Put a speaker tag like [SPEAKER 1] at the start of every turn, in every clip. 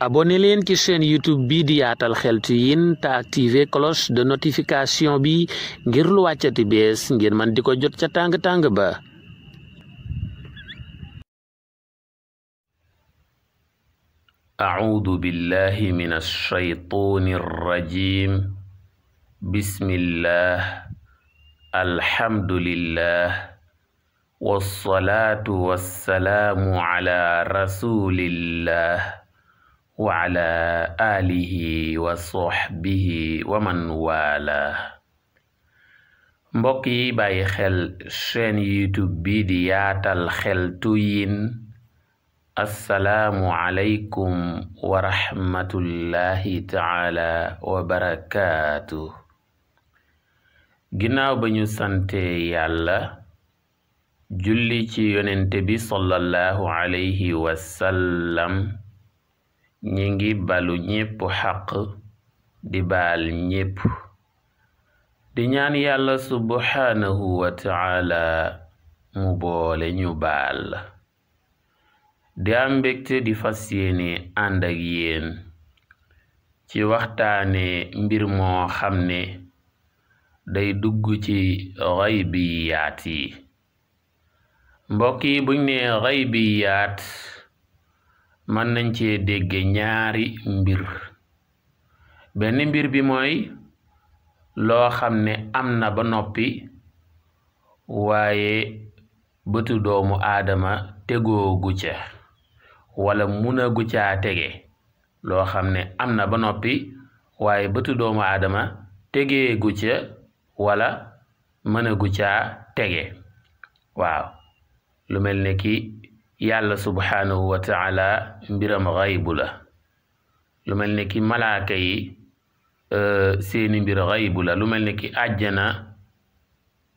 [SPEAKER 1] abonné leen ci chaîne youtube bi di yaatal xeltu yin te activer cloche de notification bi ngir lu wàccati bees ngir man di ko jot ca tàng-tàng ba أعوذ بالله من الشيطان الرجيم بسم الله الحمد لله والصلاة والسلام على رسول الله wa ala alihi wa soxbihi wa man wala mbokk yi bàyyi xel chaîne bi di yaatal xeltu yin assalaamu aleykum wa rahmatullahi taala wa barakaatu ginnaaw ba ñu sante yàlla julli ci yonente bi sallallahu alayhi wa sallam ñi ngi balu ñépp xaq di baal ñépp di ñaan yàlla subhaanahu wa taala mu boole ñu baal di am mbégte di fas yéene ànd ak yéen ci waxtaane mbir moo xam ne day dugg ci xaybiyaat yi mbokk yi buñ ne xaybiyaat mën nañ cee dégge ñaari mbir benn mbir bi mooy loo xam ne am na ba noppi waaye bëtu doomu aadama tegoogu ca wala munagu caa tege loo xam ne am na ba noppi waaye bëtu doomu aadama tegeegu ca wala mënagu caa tege waaw lu mel ne ki yàlla subhaanahu wa taala mbiram xaybu la lu mel ne ki malaaka yi euh, seeni mbir xaybu la lu mel ne ki àjjana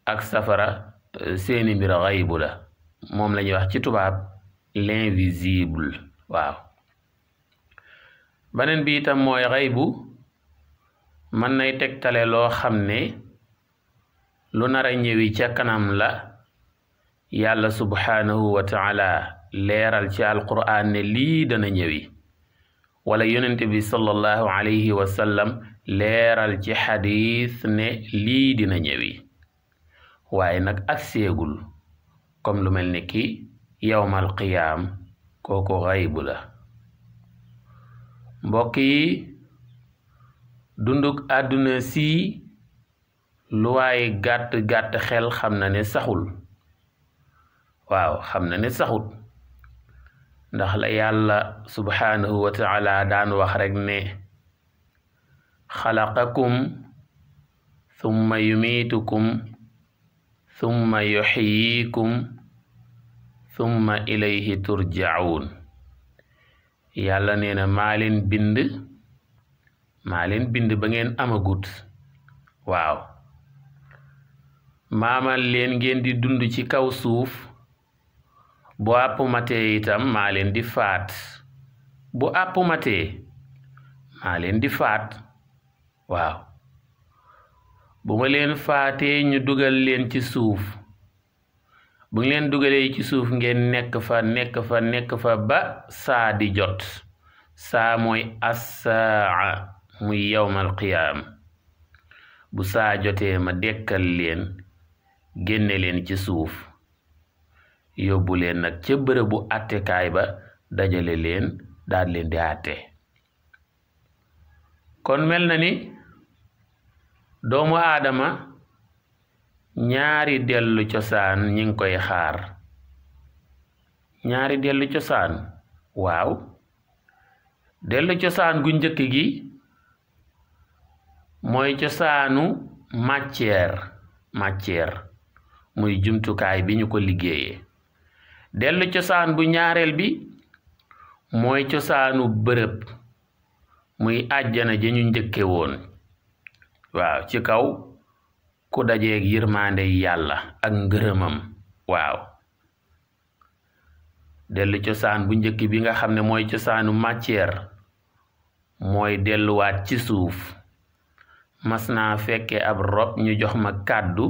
[SPEAKER 1] ak safara euh, seeni mbir xaybu la moom la ñuy wax ci tubaab l'invisible waaw beneen bi itam mooy xaybu mën nay tegtale loo xam ne lu nara ñëwi ca kanam la yàlla subhaanahu wa taala leeral ci alqur'aan ne lii dana ñëwi wala yonente bi sallallahu alayhi wa sallam leeral ci xadiis ne lii dina ñëwi waaye nag ak seegul comme lu mel ni ki yawmal qiyaam kooku xaybu la mbokk yi dunduk àdduna si lu waaye gàtt gàtt xel xam na ne saxul waaw xam na ne saxut ndax la yàlla subhaanahu wa taala daan wax rek ne xalaqakum summa yumiitukum summa yuxyiikum summa ilayhi turjaun yàlla nee na maa leen bind maa leen bind ba ngeen amagut waaw maamal leen ngeen di dund ci kaw suuf bu àpp itam maa leen di faat bu àpp matee maa leen di faat waaw bu ma leen faatee ñu dugal leen ci suuf bu ñu leen dugalee ci suuf ngeen nekk fa nekk fa nekk fa ba saa di jot saa mooy assaa muy yawmal qiyaam bu saa jotee ma dekkal leen génne leen ci suuf yóbbu leen nag ca bërëbu àttekaay ba dajale leen daal leen di àtte kon mel na ni doomu aadama ñaari dellu cosaan ñi ngi koy xaar ñaari dellu cosaan waaw dellu cosaan gu njëkk gi mooy cosaanu matière matière muy jumtukaay bi ñu ko liggéeyee dellu cosaan bu ñaareel bi mooy cosaanu bërëb muy àjjana ja ñu njëkke woon waaw ci kaw ku dajeeg yërmaande yàlla ak ngërëmam waaw dellu cosaan bu njëkk bi nga xam ne mooy cosaanu matière mooy delluwaat ci suuf mas naa fekke ab rob ñu jox ma kàddu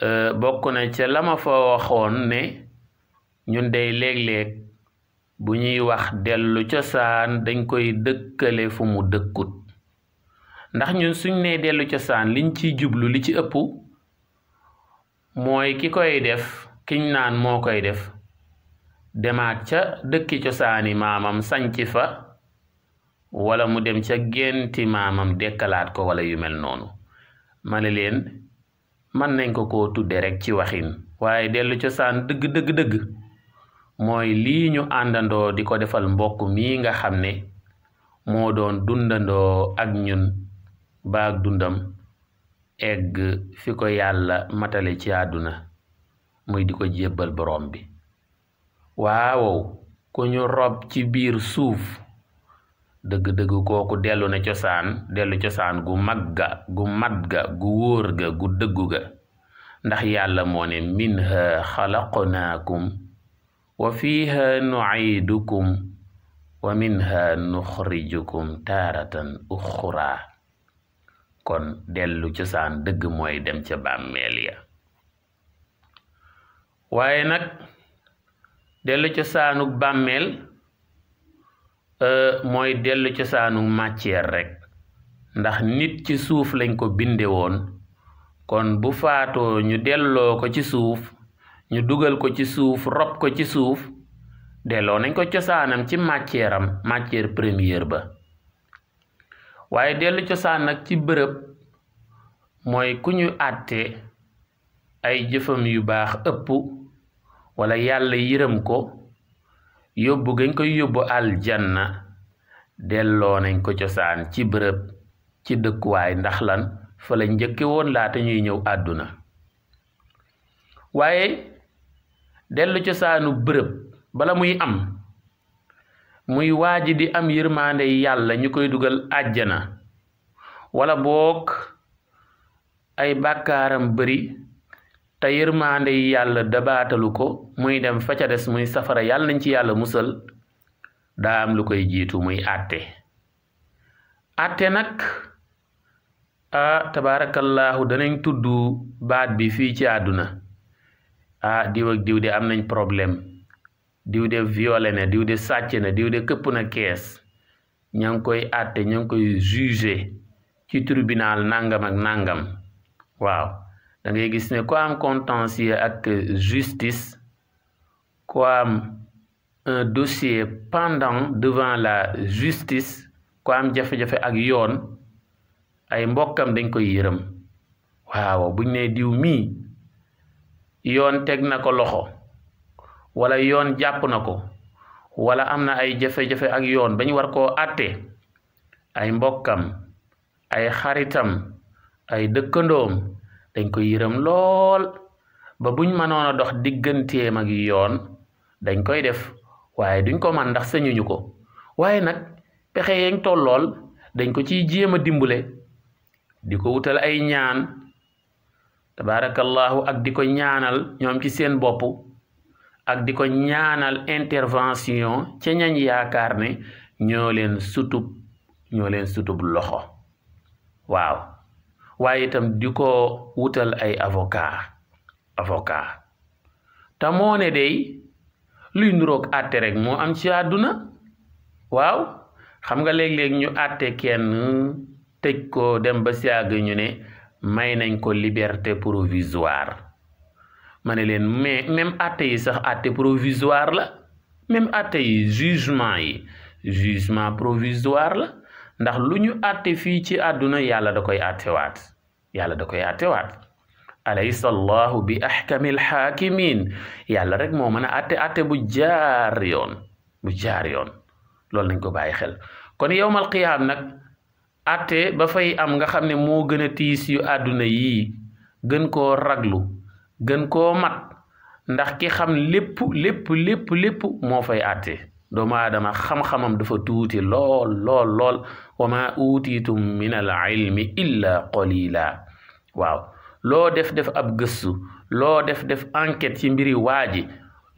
[SPEAKER 1] Euh, bokk na ca la fa waxoon ne ñun day léeg-léeg bu ñuy wax dellu cosaan dañ koy dëkkale fu mu dëkkut ndax ñun suñ nee dellu cosaan liñ ciy jublu li ci ëpp mooy ki koy def kiñ naan moo koy def demaat ca dëkki cosaani maamam sanc fa wala mu dem ca génti maamam dekkalaat ko wala yu mel noonu ma leen mën nañ ko ko tudde rekk ci waxin waaye dellu cosaan dëgg dëgg dëgg mooy lii ñu àndandoo di ko defal mbokk mii nga xam ne moo doon dundandoo ak ñun baag dundam egg fi ko yàlla matale ci àdduna mooy di ko jébbal borom bi waawow ku ñu rob ci biir suuf dëgg-dëgg kooku dellu na cosaan dellu cosaan gu mag ga gu mat ga gu wóor ga gu dëggu ga ndax yàlla moo ne minha xalaqnaakum wa fiha nu'iidukum wa minha nuxrijukum taaratan uxraa kon dellu cosaan dëgg mooy dem ca bàmmeel ya waaye nag dellu cosaanuk bàmmeel Euh, mooy dellu cosaanu matière rekk ndax nit ci suuf lañ ko binde woon kon bu faatoo ñu delloo ko ci suuf ñu dugal ko ci suuf rob ko ci suuf delloo nañ ko cosaanam ci matière am matière première ba waaye dell cosaan nag ci bërëb mooy ku ñu àtte ay jëfam yu baax ëpp wala yàlla yërëm ko yóbbu gañ koy yóbbu aljanna delloo nañ ko cosaan ci bërëb ci dëkkuwaay ndax lan fa la njëkke woon laata ñuy ñëw àdduna waaye dellu cosaanu bërëb bala muy am muy waaji di am yërmaande yàlla ñu koy dugal àjjana wala boog ay bàkkaaram bari te yërmaande yi yàlla dabaatalu ko muy dem fa des muy safara yàlla nañ ci yàlla musal daa am lu koy jiitu muy àtte àtte nag ah tabaarakallaahu danañ tudd baat bi fii ci àdduna ah diw ak diw de am nañ problème diw de violé na diw de sàcc na diw de këpp na kees ña koy àtte ña ngi koy jugé ci tribunal nangam ak nangam waaw da ngay gis ne ko am contentieux ak justice ku am un dossier pendant devant la justice ku am jafe-jafe ak yoon ay mbokkam dañ koy yërëm waaw buñ ne diw mii yoon teg na ko loxo wala yoon jàpp na ko wala am na ay jafe-jafe ak yoon bañ war koo àtte ay mbokkam ay xaritam ay dëkkandoom dañ ko yërëm lool ba buñ mënoon a dox digganteem ak yoon dañ koy def waaye duñ ko man ndax sañuñu ko waaye nag pexe yeeg tollool dañ ko ciy jéem a dimbale di ko wutal ay ñaan tabaarakallaahu ak di ko ñaanal ñoom ci seen bopp ak di ko ñaanal intervention ce ñañ yaakaar ne ñoo leen sutub ñoo leen sutub loxo waaw waaye itam di ko wutal ay avocat avocat te moo ne day luy nuroog àtte rek moo am ci àdduna waaw xam nga léeg-léeg ñu àtte kenn tëj ko dem ba siàgg ñu ne may nañ ko liberté provisoire ma ne leen mais même àtte yi sax àtte provisoire la même àtte yi jugement yi jugement provisoire la ndax lu ñu àtte fii ci àdduna yàlla da koy àttewaat yàlla da koy àttewaat alaysa allahu bi ahkamil xaakimin yàlla rek moo mën a àtte àtte bu jaar yoon bu jaar yoon loolu nañ ko bàyyi xel kon yowmal qiyaam nag àtte ba fay am nga xam ne moo gën a tiis yu àdduna yii gën koo raglu gën koo mat ndax ki xam lépp lépp lépp moo fay àtte doomu aadama xam-xamam dafa tuuti lool lool lool wa ma utiitum min al ilmi illa qalila waaw loo def def ab gëstu loo def def enquête ci mbiri waaji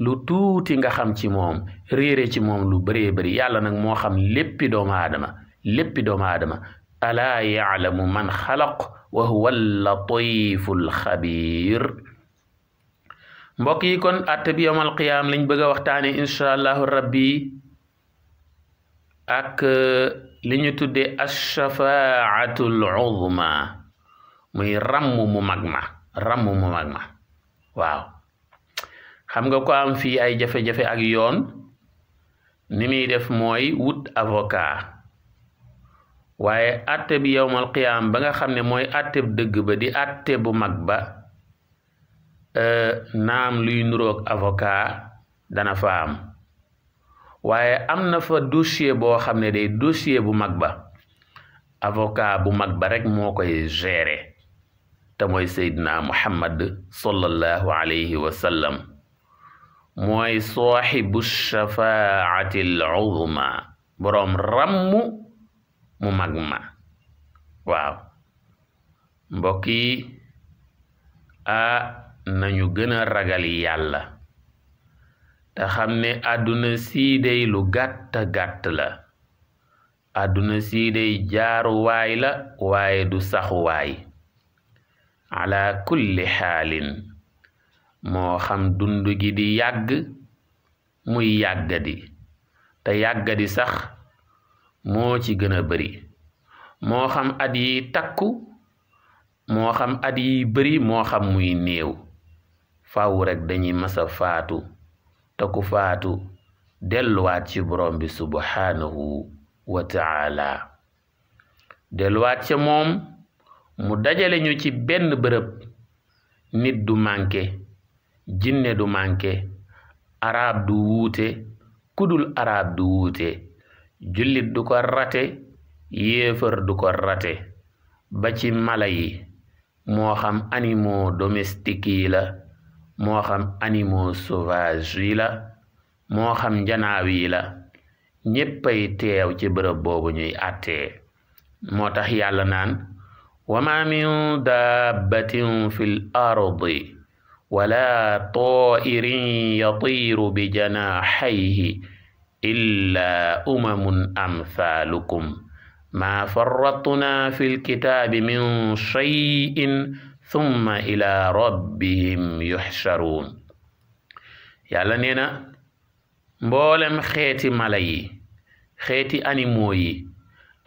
[SPEAKER 1] lu tuuti nga xam ci moom réere ci moom lu bëree bëri yàlla nag moo xam léppi doomu aadama léppi doomu aadama alaa yaalamu man xalaq wa huwa al latifu al mbokk yi kon àtte bi yomal qiyaam lañ bëgg a waxtaane incha allahu rabbi ak euh, li ñu tuddee ashafaatul uzma muy ràmm mu mag ma ràmm mu ma waaw xam nga ko am fii ay jafe-jafe ak yoon ni muy def mooy wut avocat waaye àtte bi yomal qiyaam ba nga xam ne mooy àtte dëgg ba di àtte bu mag ba Euh, naam luy nuroog avocat dana fa waaye am nafa fa boo xam ne day dossier bu mag ba avocat bu mag ba rek moo koy gérer te mooy seydina muhammad sallallahu alayhi wa sallam mooy saaxibu shafaati al uzma boroom ràmm mu mag ma waaw mbokk yi nañu gën a ragal yàlla te xam ne àdduna sii dey lu gàtta gàtt la àdduna sii dey jaaruwaay la waaye du saxuwaay ala kulli xaalin moo xam dund gi di yàgg muy yàggadi te yàggadi sax moo ci gëna a bari moo xam at yi takku moo xam at yi bari moo xam muy néew faaw rek dañuy masa faatu te faatu delluwaat ci borom bi subhaanahu wa ta'ala delluwaat ca moom mu dajale ñu ci benn bërëb nit du manke jinne du manke arab du wuute kudul arab du wuute jullit du ko rate yéefar du ko rate ba ci mala yi moo xam animaux domestiques yi moo xam animaux sauvages yi la moo xam njanaaw yi la ñéppay teew ci bërëb boobu ñuy àttee moo tax yàlla naan wa ma min dabbatin fi l ardi wala tairin yatiiru bi janaxayhi illa umamun amthaalukum maa farratna fi lkitaabi min cheyin summa ila rabbihim yuxcharuun yàlla nee na mboolem xeeti mala yi xeeti animaux yi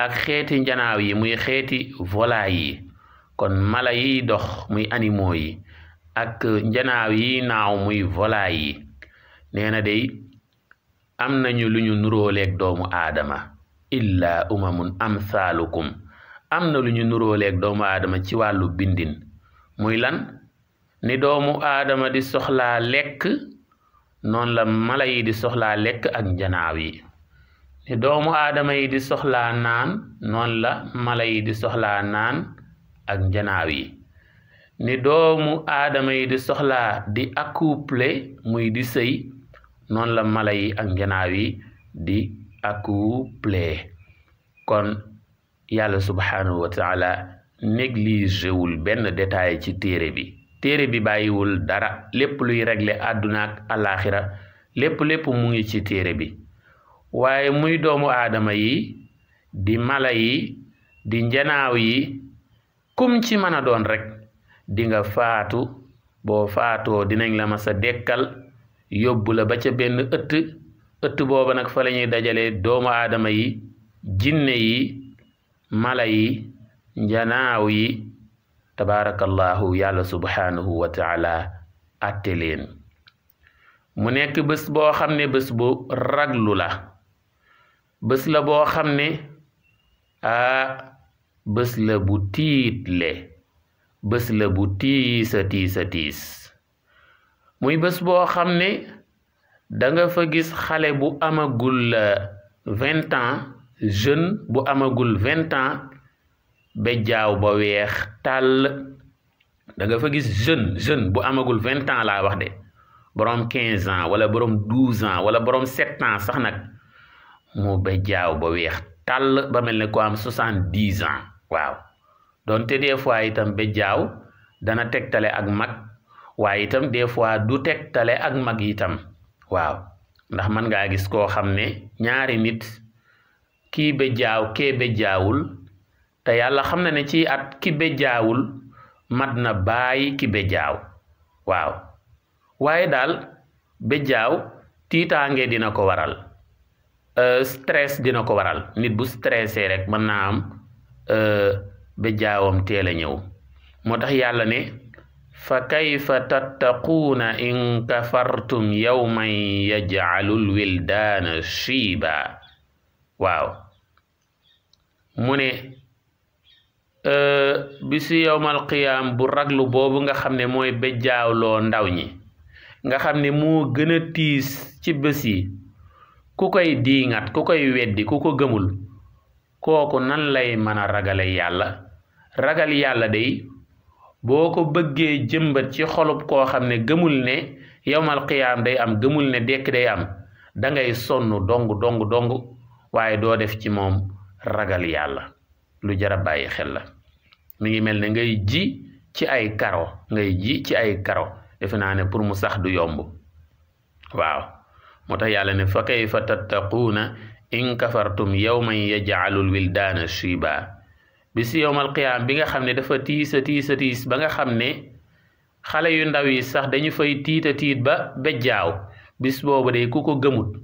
[SPEAKER 1] ak xeeti njanaaw yi muy xeeti volaille yi kon mala yiy dox muy animo yi ak njanaaw yi naaw muy volaille yi nee na day am nañu lu ñu nuróoleeg doomu aadama illaa umamun amsaalukum am na lu ñu nuróoleeg doomu aadama ci wàllu bindin muy lan ni doomu aadama di soxlaa lekk noonu la mala yi di soxlaa lekk ak njanaaw yi ni doomu aadama yi di soxlaa naan noon la mala yi di soxlaa naan ak njanaaw yi ni doomu aadama yi di soxlaa di accouplé muy di sëy noon la mala yi ak njanaaw yi di accouplé kon yàlla subhanahu wa négligé wul benn détail ci téere bi téere bi bàyyiwul dara lépp luy régler àdduna ak alaaxira lépp lépp mu ngi ci téere bi waaye muy doomu aadama yi di mala yi di njanaaw yi kum ci mën a doon rek dinga faatu boo faatoo dinañ la ma sa dekkal yóbbu la ba ca benn ëtt ëtt booba nag fa la ñuy dajalee doomu aadama yi jinne yi mala yi njanaaw yi tabaarakallaahu yàlla subhaanahu wa taala atte mu nekk bés boo xam ne bés bu raglu la bés la boo xam ne aa bés la bu tiitle bés la bu tiisa tiisa tiis muy bés boo xam ne danga fa gis xale bu amagul vingt ans jeune bu amagul vingt ans bejjaaw ba weex tàll da nga fa gis jeune jeune bu amagul vingt ans laa wax de borom quinze ans wala borom douze ans wala borom sept ans sax nag mu jaaw ba weex tàll ba mel ne ko am soixante dix ans waaw donte des fois itam jaaw dana tegtale ak mag waaye itam des fois du tegtale ak mag itam waaw ndax mën ngaa gis koo xam ne ñaari nit kii bejjaaw kee jaawul te yàlla xam na ne ci at ki béjjaawul mat na bàyyi kibe béjjaaw waaw waaye daal jaaw tiitaange dina ko waral uh, stress dina ko waral nit bu stressé rek mën naa am uh, béjjaawam teel a ñëw moo tax yàlla ne fa kayfa tattaquuna in kafartum yawman yaj'alul wildaana shiiba waaw mu ne Euh, bisu yowmal qiyaam bu raglu boobu nga xam ne mooy béjjaawloo ndaw ñi nga xam ne moo gën a tiis ci bés yi ku koy diingat ku koy weddi ku ko gëmul kooku nan lay mën a ragale yàlla ragal yàlla day boo ko bëggee jëmbat ci xolub koo xam ne gëmul ne yowmal qiyaam day am gëmul ne dekk day am dangay sonn dong dong dong waaye doo def ci moom ragal yàlla lu jara bàyyi xel la mi ngi mel ne ngay ji ci ay karo ngay ji ci ay karo defe naa ne pour mu sax du yomb waaw moo tax yàlla ne fa kayfa tattaquuna in kafartum yawman yaj'alul wildaana shiba bisi yowmal qiyaam bi nga xam ne dafa tiisa tiisa tiis ba nga xam ne xale yu ndaw yi sax dañu fay tiita tiit ba bejjaaw bis boobu de ku ko gëmut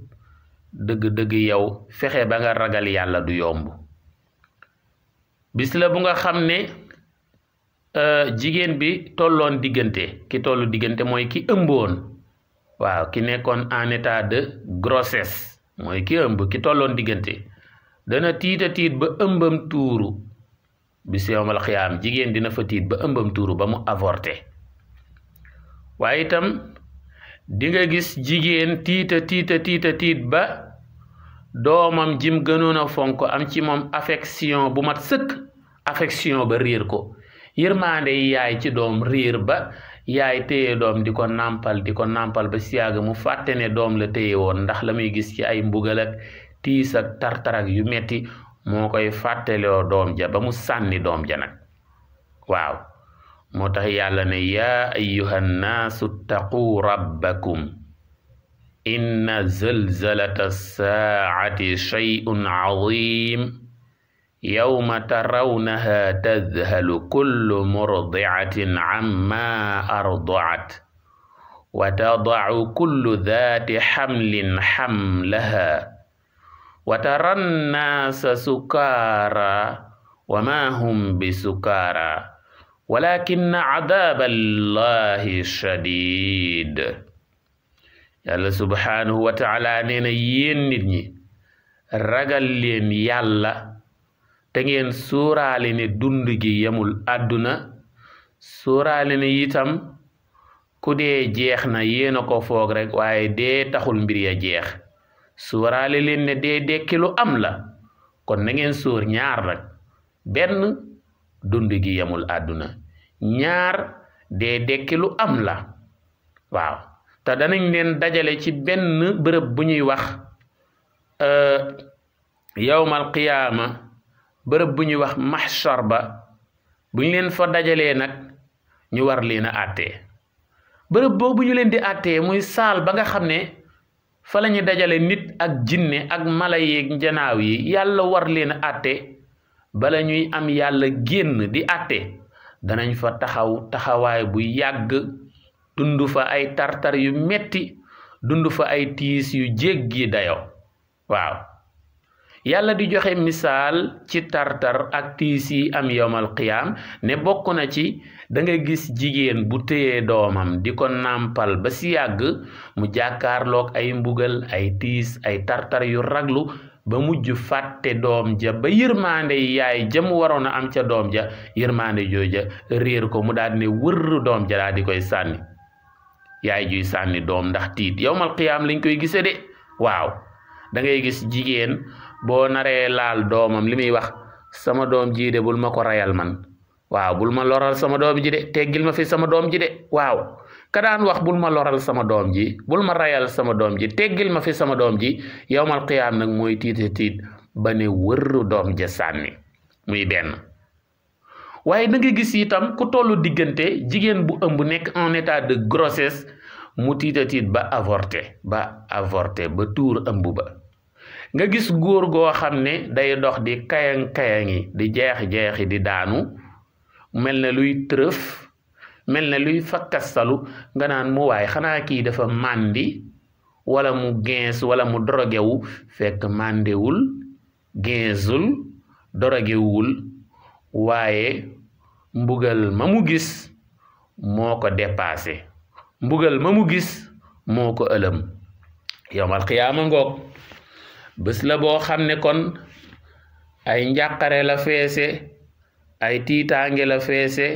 [SPEAKER 1] dëgg-dëgg yow fexe ba nga ragal yàlla du yomb bis la bu nga xam ne Euh, jigéen bi tolloon diggante ki tollu diggante mooy ki ëmboon waaw ki nekkoon en état de grossesse mooy ki ëmb ki tolloon diggante dana tiita tiit ba ëmbam tuuru bi siyomal xiyaam jigéen dina fa tiit ba ëmbam tuuru ba mu avorté waaye itam di nga gis jigéen tiita tiita tiita tiit ba doomam jim gënoon a fonk am ci moom affection bu mat sëkk affection ba réer ko yërmaande yi yaay ci doom riir ba yaay téye doom di ko nàmpal di ko nàmpal ba si mu fàtte doom la téye woon ndax la muy gis ci ay mbugal ak tiis ak yu metti moo koy fàtteloo doom ja ba mu sànni doom ja nag waaw moo tax yàlla ne yaa ayyuhan naasu rabbakum inna zalzalata saacati shay'un cadim yawma tarawnaha tadhalu kullu murdi'atin amma arda'at wa tada'u kullu dhati hamlin hamlaha wa tara nnaasa sukaara wa ma hum bi sukaara walakinna adaaba allahi shadid yàlla subhaanahu wa taala nee na yéen nit ñi ragal leen yàlla te ngeen suuraale ne dund gi yemul àdduna suuraale ne itam ku dee jeex na yéen a ko foog rek waaye dee taxul mbir ya jeex suuraale leen ne dee dekki lu am la kon na ngeen suur ñaar rek benn dund gi yemul àdduna ñaar dee dekki lu am la waaw te danañ leen dajale ci benn bërëb bu ñuy wax euh, yawmal qiyaama bërëb bu ñuy wax mahshar ba bu ñu leen fa dajalee nag ñu war leen àttee bërëb boobu ñu leen di àttee muy saal ba nga xam ne fa la ñu dajale nit ak jinné ak mala yeeg njanaaw yi yàlla war leen àtte bala ñuy am yàlla génn di àtte danañ fa taxaw taxawaay bu yàgg dund fa ay tartar yu metti dundu fa ay tiis yu jéggi dayo waaw yàlla di joxe misaal ci tartar ak tiis yi am yowmal qiyaam ne bokk na ci da nga gis jigéen bu téyee doomam di ko nàmpal ba si yàgg mu jàkkaarloog ay mbugal ay tiis ay tartar yu raglu ba mujj fàtte doom ja ba yërmaande yaay ja mu waroon a am ca doom ja yërmande jooja réer ko mu daal di ne wër doom ja daal di koy sànni yaay juy sànni doom ndax tiit yowmal qiyaam lañ koy gisee de waaw da gis jigéen boo naree laal doomam li muy wax sama doom ji de bul ma ko rayal man waaw bul ma loral sama doom ji de teggil ma fi sama doom ji de waaw ka wax bul ma loral sama doom ji bul ma rayal sama doom ji teggil ma fi sama doom ji yowmal qiyaam nag mooy tiite tiit ba ne wërru doom ja sànni muy benn waaye da nga gis itam ku tollu diggante jigéen bu ëmb nekk en état de grossesse mu tiita tiit ba avorté ba avorté ba tuur ëmb ba nga gis góor goo xam ne day dox di kayang kayangi di jeex jeexi di daanu mel na luy tërëf mel na luy fakkastalu nga naan mu waay xanaa kii dafa màndi walla mu gens wala mu dorogewu fekk màndewul gensul dorogewul waaye mbugal ma mu gis moo ko dépassé mbugal ma mu gis moo ko ëlëm yowmal xiyaama ngoog bés la boo xam ne kon ay njàqare la feese ay tiitaange la feese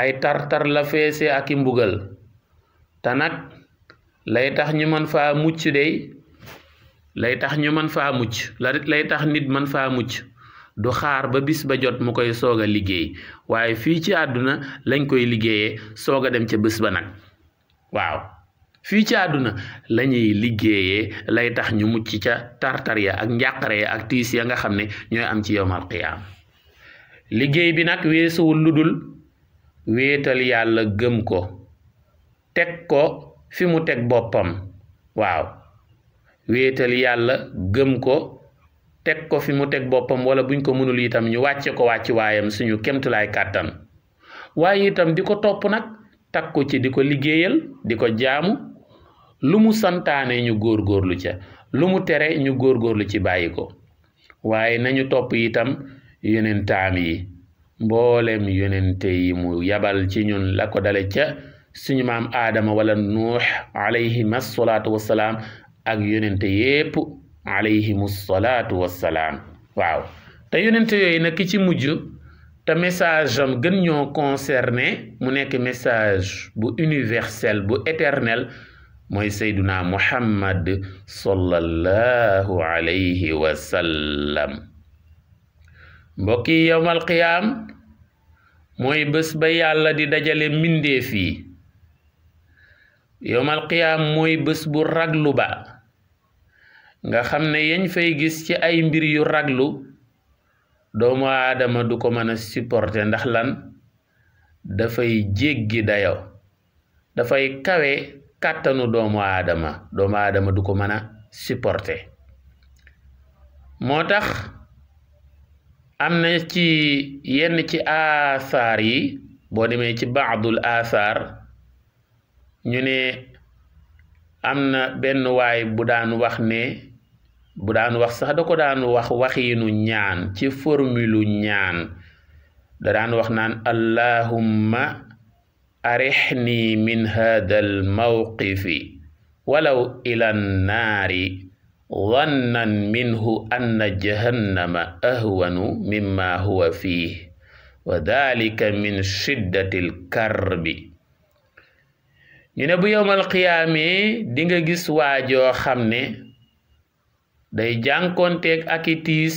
[SPEAKER 1] ay tartar la feese ak i mbugal te nag lay tax ñu mën faa mucc dey lay tax ñu mën faa mucc la lay tax nit mën faa mucc du xaar ba bis ba jot mu koy soog a liggéey waaye fii ci àdduna lañ koy liggéeyee soog a dem ca bés ba nag waaw fii ci àdduna lañuy ñuy liggéeyee lay tax ñu mucc ca tartar ya ak njàqare ya ak tiis ya nga xam ne ñooy am ci yowmal qiyaam liggéey bi nag weesuwul lu dul wéetal yàlla gëm ko teg ko fi mu teg boppam waaw wéetal yàlla gëm ko teg ko fi mu teg boppam wala buñ ko mënul itam ñu wàcce ko wàcc waayam suñu kemtulaay kàttan waaye itam di ko topp nag takku ci di ko liggéeyal di ko jaamu lu mu santaane ñu góor góorlu ca lu mu tere ñu góor góorgóorlu ci bàyyi ko waaye nañu topp yitam yonentaam yi mboolem yonente yi mu yabal ci ñun la ko dale ca suñu maam aadama wala nuux alayhim assalaatu wassalaam ak yonente yépp alayhim assalaatu wassalaam waaw te yonente yooyu nag ki ci mujj te message am gën ñoo concerné mu nekk message bu universel bu éternel mooy sayduna muhammad sallallahu alayhi wa sallam mbokki yowmal qiyaam mooy bés ba yàlla di dajale mbindeef yi yowmal qiyaam mooy bés bu raglu ba nga xam ne yañ fay gis ci ay mbir yu raglu doomu aadama du ko mëna a ndax lan dafay jéggi dayo dafay kawe kàttanu doomu aadama doomu aadama du ko mën a supporter moo tax am na ci yenn ci aasaar yi boo demee ci baadul aasaar ñu ne am na benn waay bu daan wax ne bu daan wax sax da ko daan wax waxiinu ñaan ci formulu ñaan da daan wax naan allahumma arixnii min haada almawqifi walaw ila annaari dannan minhu anna jahannama ahwanu mimma huwa fiih wa dalika min shiddati alkarbi ñu ne bu dinga gis waajoo xam ne day jànkoonteeg aki tiis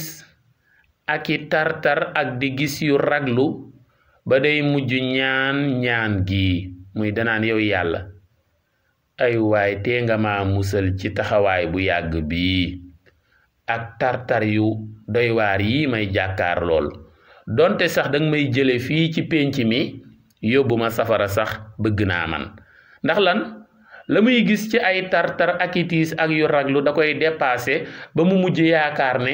[SPEAKER 1] ak i tartar ak di gis yu raglu ba day mujj ñaan ñaan gi muy danaan yow yàlla ay waay tee nga ma musal ci taxawaay bu yàgg bii ak tartar yu doy yii may jàkkaar lool donte sax danga may jële fii ci pénc mi yóbbu ma safara sax bëgg naa man ndax lan la muy gis ci ay tartar ak itiis ak yu raglu da koy dépassé ba mu mujj yaakaar ne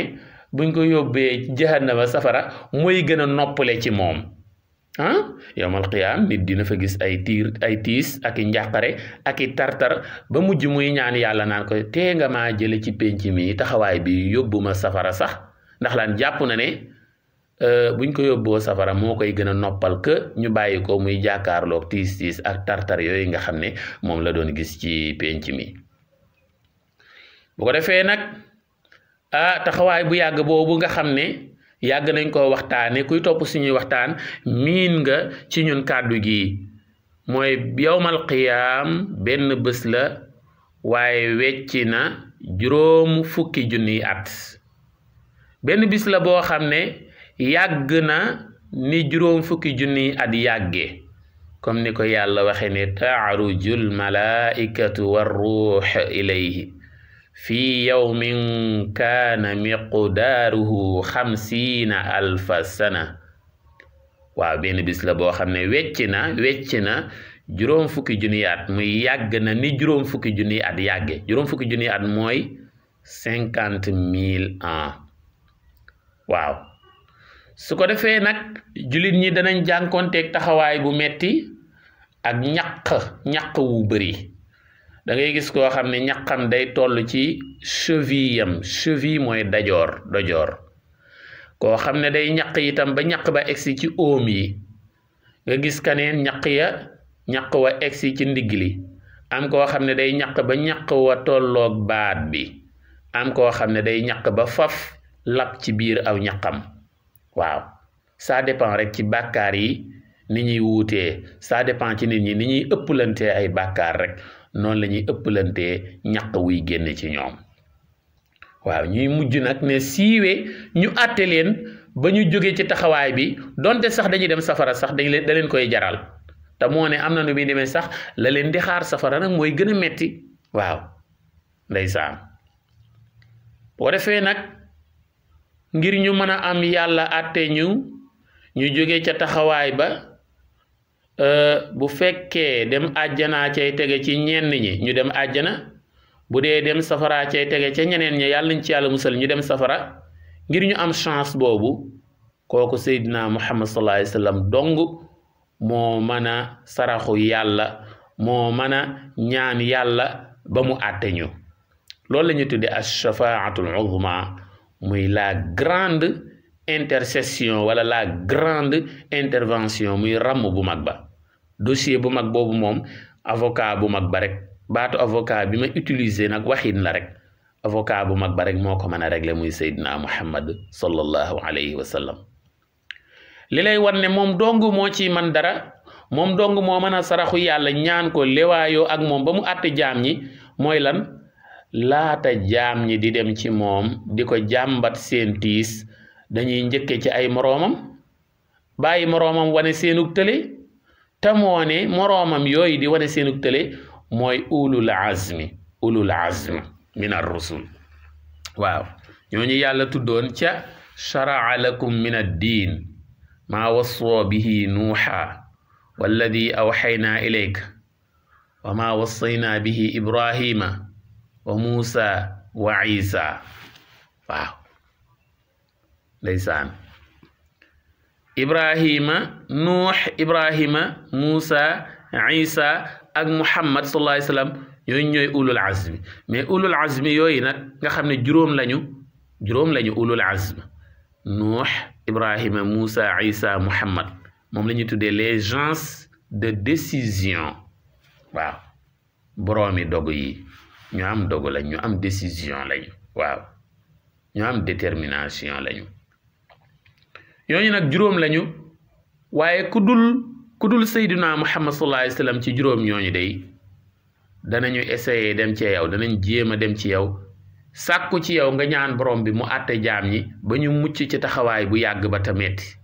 [SPEAKER 1] buñ ko yóbbee jahannama safara mooy gën a noppale ci moom ah yowmal qiyaam nit dina fa gis ay tiir ay tiis ak i njàqare ak i tartar ba mujj muy ñaan yàlla naan koy tee nga maa jële ci pénc mi taxawaay bi yóbbu ma safara sax ndax laan jàpp na ne euh, buñ ko yóbboo safara moo koy gën a noppal que ñu bàyyi ko muy jàkkaarloog tiis tiis ak tartar yooyu nga xam ne moom la doon gis ci pénc mi bu ko defee nag ah, taxawaay bu yàgg boobu nga xam ne yàgg nañ koo waxtaane kuy topp suñuy waxtaan miin nga ci ñun kàddu gi mooy yowmal qiyaam benn bés la waaye wecci na juróom fukki junniy at benn bis la boo xam ne yàgg na ni juróom fukki junniy at yàgge comme ni ko yàlla waxe taaru taarujul malaikatu war ruux ilayhi fi yawmin kaana miqdaaruhu xamsiina alfa sana waaw benn bis la boo xam ne wecc na wecci na juróom fukki junniy muy yàgg na ni juróom fukki junniy at juróom fukki junniy mooy cinquante mille ans waaw su ko defee nag jullit ñi danañ jànkoonteeg taxawaay bu metti ak ñaq ñaq wu bari da ngay gis koo xam ne ñaqam day toll ci cheville yam cheville mooy dajoor dajoor koo xam ne day ñaq yitam ba ñaq ba egsi ci óom yi nga gis ka kaneen ñaq ya ñaq wa egsi ci ndigg li am koo xam ne day ñaq ba ñaq wa tolloog baat bi am koo xam ne day ñaq ba faf lap ci biir aw ñaqam waaw ça dépend rek ci bàkkaar yi ni ñuy wuutee ça dépend ci nit ñi ni ñuy ëpplante ay bàkkaar rek noonu lañuy ëpplante ëppalantee ñaq wuy génn ci ñoom waaw ñuy mujj nag ne siiwee ñu àtte leen ba ñu jógee ci taxawaay bi donte sax dañuy dem safara sax dañ leen da koy jaral te moo ne am na nu muy demee sax la leen di xaar safara nag mooy gën a metti waaw ndeysaan saam defee nag ngir ñu mën a am yàlla àtte ñu ñu jógee ca taxawaay ba Euh, bu fekkee dem àjjanaa cay tege ci ñenn ñi ñu dem àjjana bu dee dem safara cay tege ca ñeneen ñi yàlla nañ ci yàlla musal ñu dem safara ngir ñu am chance boobu kooku seydina muhammad sallallahu alayhi wa sallam dong moo mën a saraxu yàlla moo mën a ñaan yàlla ba mu àtte ñu loolu la ñu a ashafaatul uzma muy la grande intercession wala la grande intervention muy ràmm bu mag ba dossier bu mag boobu moom avocat bu mag ba baatu avocat bi ma utiliser nag waxin la rek avocat bu mag ba rek moo ko mën a régler muy Seydina Muhammad sallallahu alayhi wa sallam li lay wan ne moom dong moo ci man dara moom dong moo mën a saraxu yàlla ñaan ko lewaayoo ak moom ba mu àtte jaam ñi mooy lan laata jaam ñi di dem ci moom di ko jàmbat seen tiis dañuy njëkke ci ay moroomam bàyyi moroomam wane seenug tële tamoo ne moroomam yooyu di wane seenu tële mooy ulul azmi ulul azm min ar-rusul waaw ñooñu yàlla tuddoon ca sharaa lakum min ad-diin maa wassoo bihi nuuxa walladi awxaynaa ilayka wa maa wassaynaa bihi ibrahima wa muusa wa isa waaw ndeysaan ibrahima nuux ibrahima muusa isa ak muhammad sallallahu alayhi wasallam ñooyu ñooy ulul azmi mais ulul azmi yooyu nag nga xam ne juróom lañu juróom lañu ulul azm nuux ibrahima muusa isa muhammad moom la ñuy tuddee les gens de décision waaw boroomi dogu yi ñu am dogu ñu am décision lañu waaw ñu am détermination lañu ñooñu nag juróom lañu waaye ku dul ku dul sayduna muhammad sallallahu alayhi wa sallam ci juróom ñooñu day danañu essayer dem ci yow danañ jéem a dem ci yow sàkku ci yow nga ñaan borom bi mu àtte jaam ñi ba ñu mucc ci taxawaay bu yàgg ba tametti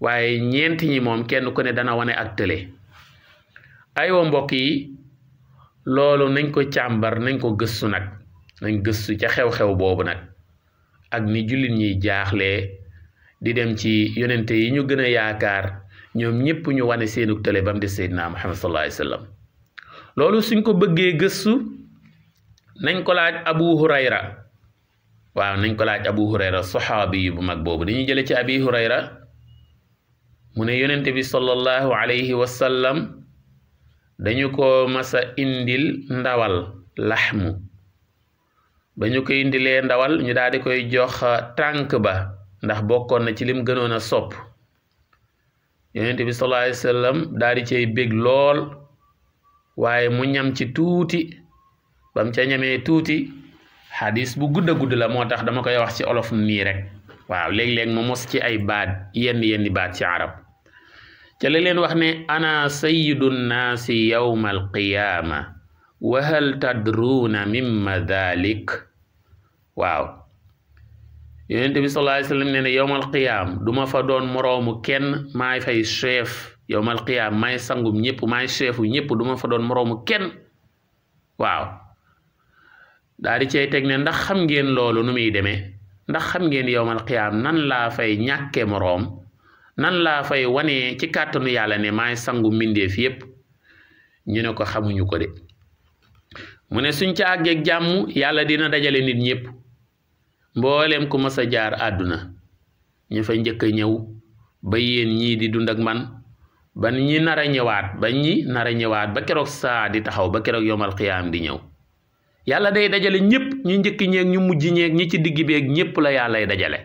[SPEAKER 1] waaye ñeent ñi moom kenn ku ne dana wane ak tële aywa mbokk yi loolu nañ ko càmbar nañ ko gëstu nag nañ gëstu ca xew-xew boobu nag ak ni jullit ñiy jaaxlee di dem ci yonente yi ñu gën a yaakaar ñoom ñëpp ñu wane seenug tële ba mu des Seydina Muhammad sallallahu alayhi wa sallam loolu suñ ko bëggee gëstu nañ ko laaj Abu Hurayra waaw nañ ko laaj Abu Hurayra saxaabi bu mag boobu dañuy jële ci Abi Hurayra mu ne yonente bi sallallahu alayhi wa sallam dañu ko masa indil ndawal laxmu ba ñu ko indilee ndawal ñu daal di koy jox tànk ba ndax bokkoon na ci lim gënoon a sopp yonent bi sallallahu alayhi wa daal di cay bég lool waaye mu ñam ci tuuti bam ca ñamee tuuti xadis bu gudd a gudd la moo tax dama koy wax ci olof nii rek waaw léeg-léeg mu mos ci ay baat yenn yenn baat ci arab ca la leen wax ne ana sayyidu nnaasi yawma alqiyaama wa hal tadruuna mimma daalik waaw yonent bi sallallahu alayhi wa sallam nee na yowmal qiyaam du ma fa doon moroomu kenn maay fay chef yowmal qiyaam maay sangum ñëpp maay chefu ñëpp duma fa doon moroomu kenn waaw daal di cay teg ndax xam ngeen loolu nu muy demee ndax xam ngeen yowmal qiyaam nan laa fay ñàkke moroom nan laa fay wane ci kàttanu yàlla ne maay sangum mbindeef yépp ñu ne ko xamuñu ko de mu ne suñ ca jàmm yàlla dina dajale nit ñépp mbooleem ku mas a jaar àdduna ñu fa njëkk a ñëw ba yéen ñii di dund ak man ba ñi nar a ñëwaat ba ñi nar a ba keroog saa di taxaw ba keroog yomal xiyaam di ñëw yàlla day dajale ñëpp ñu njëkk ñeeg ñu mujj ñeeg ñi ci digg beeg ñëpp la yàllay dajale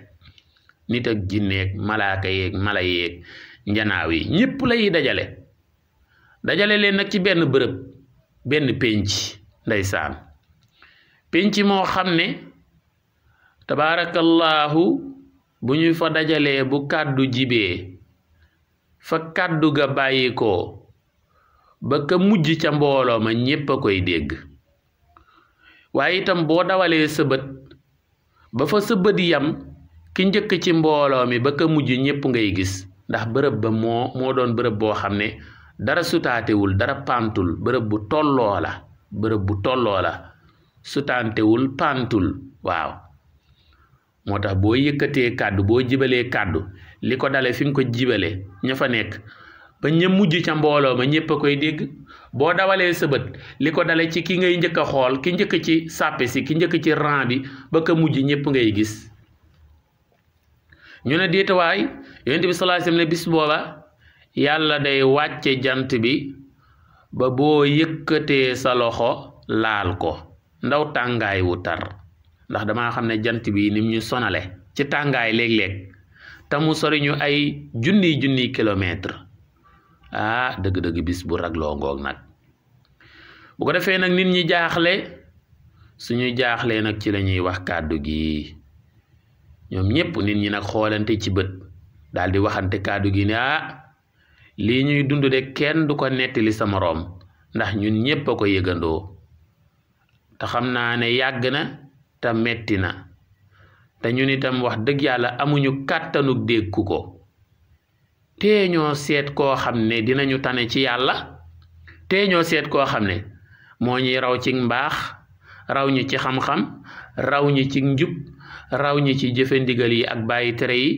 [SPEAKER 1] nit ak jinneeg malaaka yeeg mala yeeg njanaaw yi ñëpp lay dajale dajale leen nag ci benn bërëb benn pénc ndeysaan pénc moo xam ne tabaarakallaahu bu ñu fa dajalee bu kàddu jibee fa kàddu ga bàyyikoo ba ka mujj ca mbooloo ma ñépp a koy dégg waaye itam boo dawalee sa bët ba fa sa yam ki njëkk ci mbooloo mi ba ka mujj ñépp ngay gis ndax bërëb ba moo moo doon bërëb boo xam ne dara sutaatewul dara pàntul bërëb bu tolloo la bërëb bu tolloo la sutaantewul pantul waaw moo tax boo yëkkatee kàddu boo jibalee kàddu li ko dale fi nga ko jibalee ña fa nekk ba ña mujj ca mbooloo ma ñëpp a koy dégg boo dawalee sa bët li ko dale ci ki ngay njëkk a xool ki njëkk ci sàppe si ki njëkk ci ran bi ba ko mujj ñépp ngay gis ñu ne déetawaay yonent bi sallallahu alayhi wasallam ne bis booba yàlla day wàcce jant bi ba boo yëkkatee sa loxo laal ko ndaw tàngaay wu tar ndax damaa xam ne jant bii nim ñu sonale ci tàngaay léeg-léeg tamu mu sori ñu ay junniy junniy kilometre ah dëgg-dëgg bis bu ragloo ngoog nag bu ko defee nag nit ñi jaaxle suñu jaaxlee nag ci la ñuy wax kàddu gi ñoom ñépp nit ñi nag xoolante ci bët daal di waxante kàddu gi ne ah lii ñuy dund de kenn du ko nettali sa moroom ndax ñun ñépp ko yëgandoo te xam naa ne yàgg na te metti na te ñun itam wax dëgg yàlla amuñu kàttanug dékku ko tee ñoo seet koo xam ne dinañu tane ci yàlla tee ñoo seet koo xam ne moo ñuy raw ci mbaax raw ñu ci xam-xam raw ñu ci njub raw ñu ci jëfe ndigal yi ak bàyyi tere yi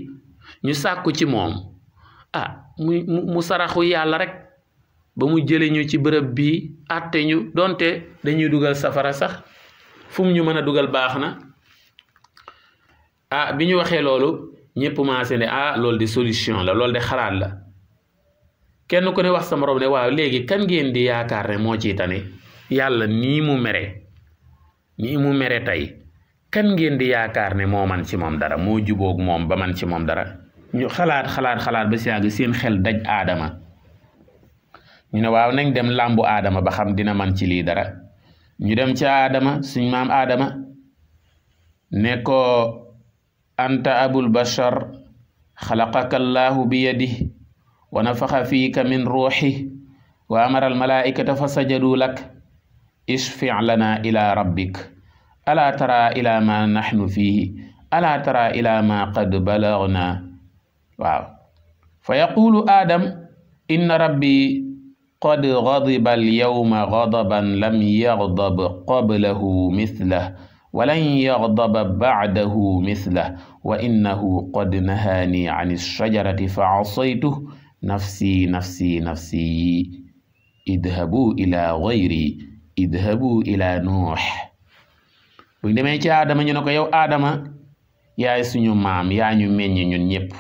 [SPEAKER 1] ñu sàkku ci moom ah mu mu saraxu yàlla rekk ba mu jële ñu ci bërëb bi àtte ñu donte dañuy dugal safara sax fu ñu mën a dugal baax na ah bi ñu waxee loolu ñëpp maase ne ah loolu de solution la loolu de xalaat la kenn ku ne wax sama morom ne waaw léegi kan ngeen di yaakaar ne moo ciy tane yàlla nii mu mere nii mu mere tey kan ngeen di yaakaar ne moo man ci moom dara moo jubóog moom ba man ci moom dara ñu xalaat xalaat xalaat ba si yàgg seen xel daj aadama ñu ne waaw nañ dem làmbu aadama ba xam dina man ci lii dara ñu maam aadama ne ko anta abul bashar xalaqaka allahu bi yadihi wa nafaxa fiika min ruuxi wa amara almalaikata fa sajaduu lak ishfi lana ila rabbik ala tara ila ma naxnu fihi ala tara ila ma qad balagna fa yaqulu adam inna rabbi qad gadiba alyawma gadaban lam yagdab qablahu mislah walan yagdaba bacdahu mislah wa innahu qad nahaani an alshajarati fa asaytuh nafsi nafsi nafsi idhabu ila gayri idhabu ila nuux buñ demee ci aadama ñu ne ko yow aadama yaay suñu maam yaa ñu meññ ñun ñépp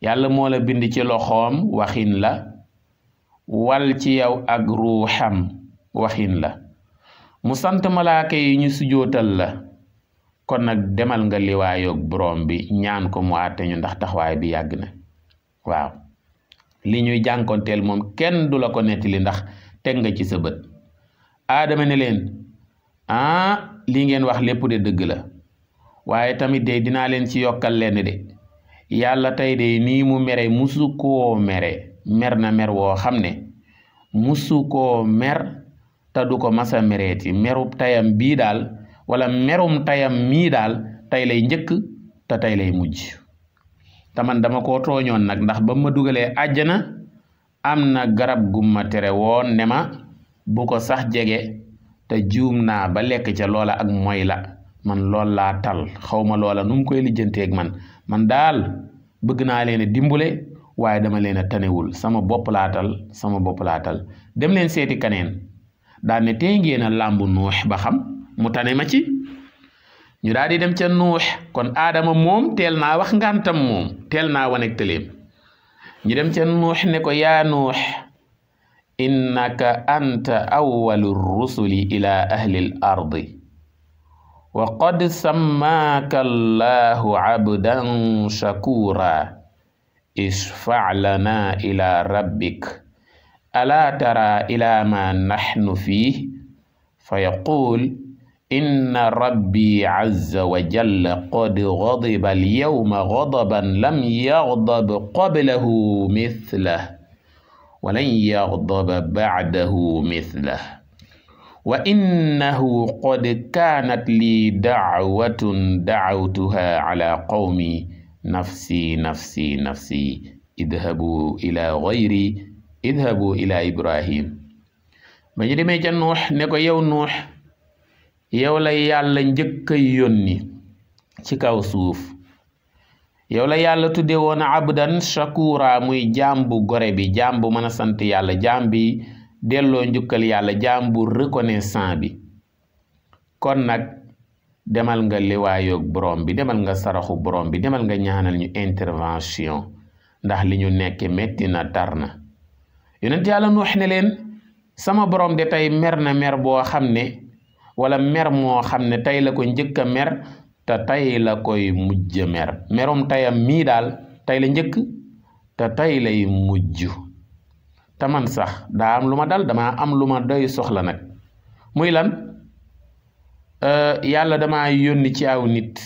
[SPEAKER 1] yàlla moo la bind ci loxoom waxin la wal ci yow ak ruuxam waxin la mu sant malaaka yi ñu sujootal la kon nag demal nga liwaayoog boroom bi ñaan ko mu àtte ñu ndax taxawaay bi yàgg na waaw li ñuy jànkonteel moom kenn du la ko nettili ndax teg nga ci sa bët aadama ne leen ah li ngeen wax lépp de dëgg la waaye tamit de dinaa leen ci yokkal leen de yàlla tey de nii mu mere musu koo mere mer na mer woo xam ne musu koo mer te du ko masa mereeti merub tayam bii daal wala merum tayam mii daal tey lay njëkk te tey lay mujj te man dama ko tooñoon nag ndax ba ma dugalee àjjana am na garab gumma tere woon ne ma bu ko sax jege te juum na ba lekk ca loola ak moy man lool laa tal xawma loola nu koy lijjanteeg man man daal bëgg naa leen dimbule waaye dama leen a tanewul sama bopp laatal sama bopp laatal dem leen seeti kaneen daan ne tee ngeen a làmb nuux ba xam mu tane ma ci ñu daal dem ca nuux kon aadama moom teel naa wax ngantam moom teel naa waneg tëleem ñu dem ca nuux ne ko yaa nuux innaka anta awalu rusuli ila ahli ardi wa qad sammaaka allahu abdan shakura isfa' lana ila rabbik alaa tara ila ma nahnu fii fa yaqul inna rabbi azza wa jalla qad ghadiba al-yawma ghadaban lam yaghdab qablahu mithlahu wa lan yaghdaba ba'dahu mithlahu wa innahu qad kaanat lii da'watun da'awtuha ala qawmi nafsi nafsi nafsi idhabu ila ghayri idhabu ila ibrahim ba ñu demee ca nuux ne ko yow nuux yow la yàlla njëkk a yónni ci kaw suuf yow la yàlla tudde woon abdan shakura muy jaam bu gore bi jaam bu mën a sant yàlla jaam bi delloo njukkal yàlla jaam bu bi kon nag demal nga liwaayoog borom bi demal nga saraxu borom bi demal nga ñaanal ñu intervention ndax li ñu nekk metti na tar na yonent yàlla nuux ne leen sama borom de tey mer na mer boo xam ne wala meer moo xam ne tey la ko njëkk a mer te tey la koy mujj meer merum teyam mii daal tey la njëkk te tey lay mujj te man sax daa am lu ma dal dama am lu ma doy soxla nag muy lan Euh, yàlla dama yónni ci aw nit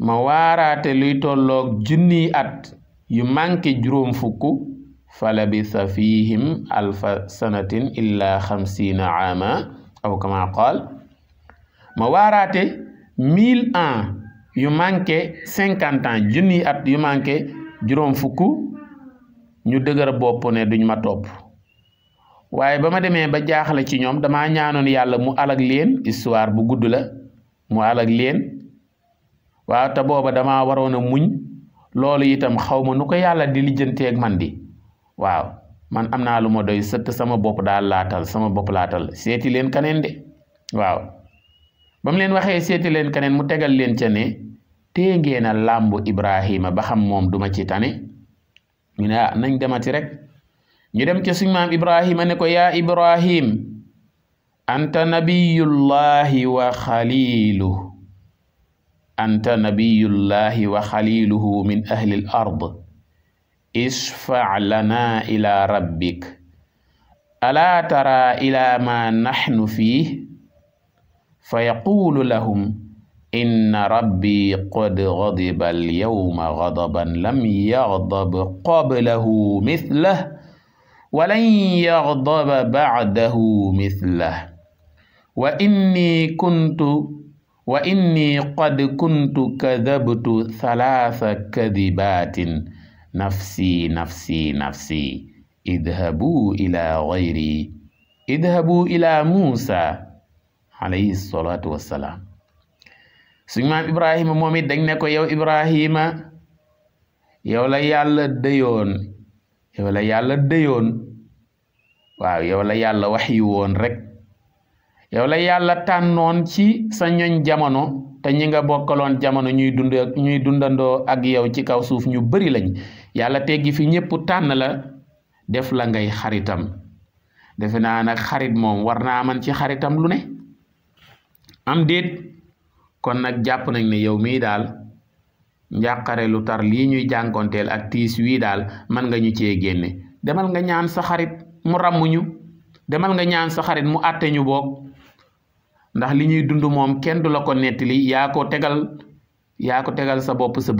[SPEAKER 1] ma waarate luy tolloog junniy at yu manqué juróom fukk fa labisa fihim alfa sanatin illa xamsiina aama aw kama qaal ma waaraate mille ans yu manqué cinquante ans junniy at yu manke juróom fukk ñu dëgër bopp ne duñ ma topp waaye ba ma demee ba jaaxle ci ñoom damaa ñaanoon yàlla mu alag leen histoire bu gudd la mu alag leen waaw te booba dama waroon a muñ loolu itam xaw ma nu ko yàlla di lijjanteeg man di waaw man am naa lu ma doy sëtt sama bopp daal laatal sama bopp laatal seeti leen kaneen de waaw ba leen waxee seeti leen kaneen mu tegal leen ca ne tee ngeen a làmbu Ibrahima ba xam moom duma ci tane ñu ah, nañ demati rek ñu dem ci suñ maam ibrahima ne ko yaa ibrahim anta nabiyullahi wa xaliluhu anta nabiyullahi wa xaliluhu min ahli l ard isfa lana ila rabbik alaa tara ila ma naxnu fiih fa yaquulu lahum inna rabbi qad gadiba alyawma gadaban lam yagdab qablahu mithlahu walan yaghdaba ba'dahu mithlah wa inni kuntu wa inni qad kuntu kadabtu thalatha kadibatin nafsi nafsi nafsi idhabu ila ghayri idhabu ila Musa alayhi salatu wassalaam suñu maam Ibrahima moom it dañ ne ko yow Ibrahima yow la yàlla dëyoon yow la yàlla dëyoon waaw yow la yàlla waxi woon rek yow la yàlla tànnoon ci sa ñoñ jamono te ñi nga bokkaloon jamono ñuy dund ñuy dundandoo ak yow ci kaw suuf ñu bari lañ yàlla teggi fi ñépp tànn la def la ngay xaritam defe naa nag xarit moom war naa man ci xaritam lu ne am déet kon nag jàpp nañ ne yow mii daal njàqare tar lii ñuy jàngoonteel ak tiis wii daal man nga ñu cee génne demal nga ñaan sa xarit mu ràmmuñu demal nga ñaan sa xarit mu àtte ñu boog ndax li ñuy dund moom kenn du la ko nettali yaa ko tegal yaa ko tegal sa bopp sa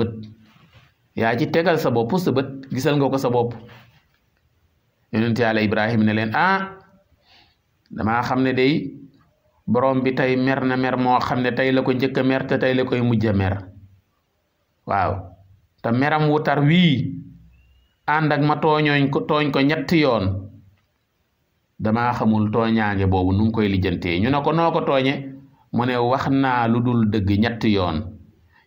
[SPEAKER 1] yaa ci tegal sa bopp sa bët gisal nga ko sa bopp yonent yàlla Ibrahim ne leen ah damaa xam ne day borom bi tey mer na mer moo xam ne tey la ko njëkk a mer te tey la koy mujj a mer waaw te meram wutar wii ànd ak ma tooñooñ ko tooñ ko ñetti yoon damaa xamul tooñaange boobu nu koy lijjantee ñu ne ko noo ko tooñe mu ne wax naa lu dul dëgg ñett yoon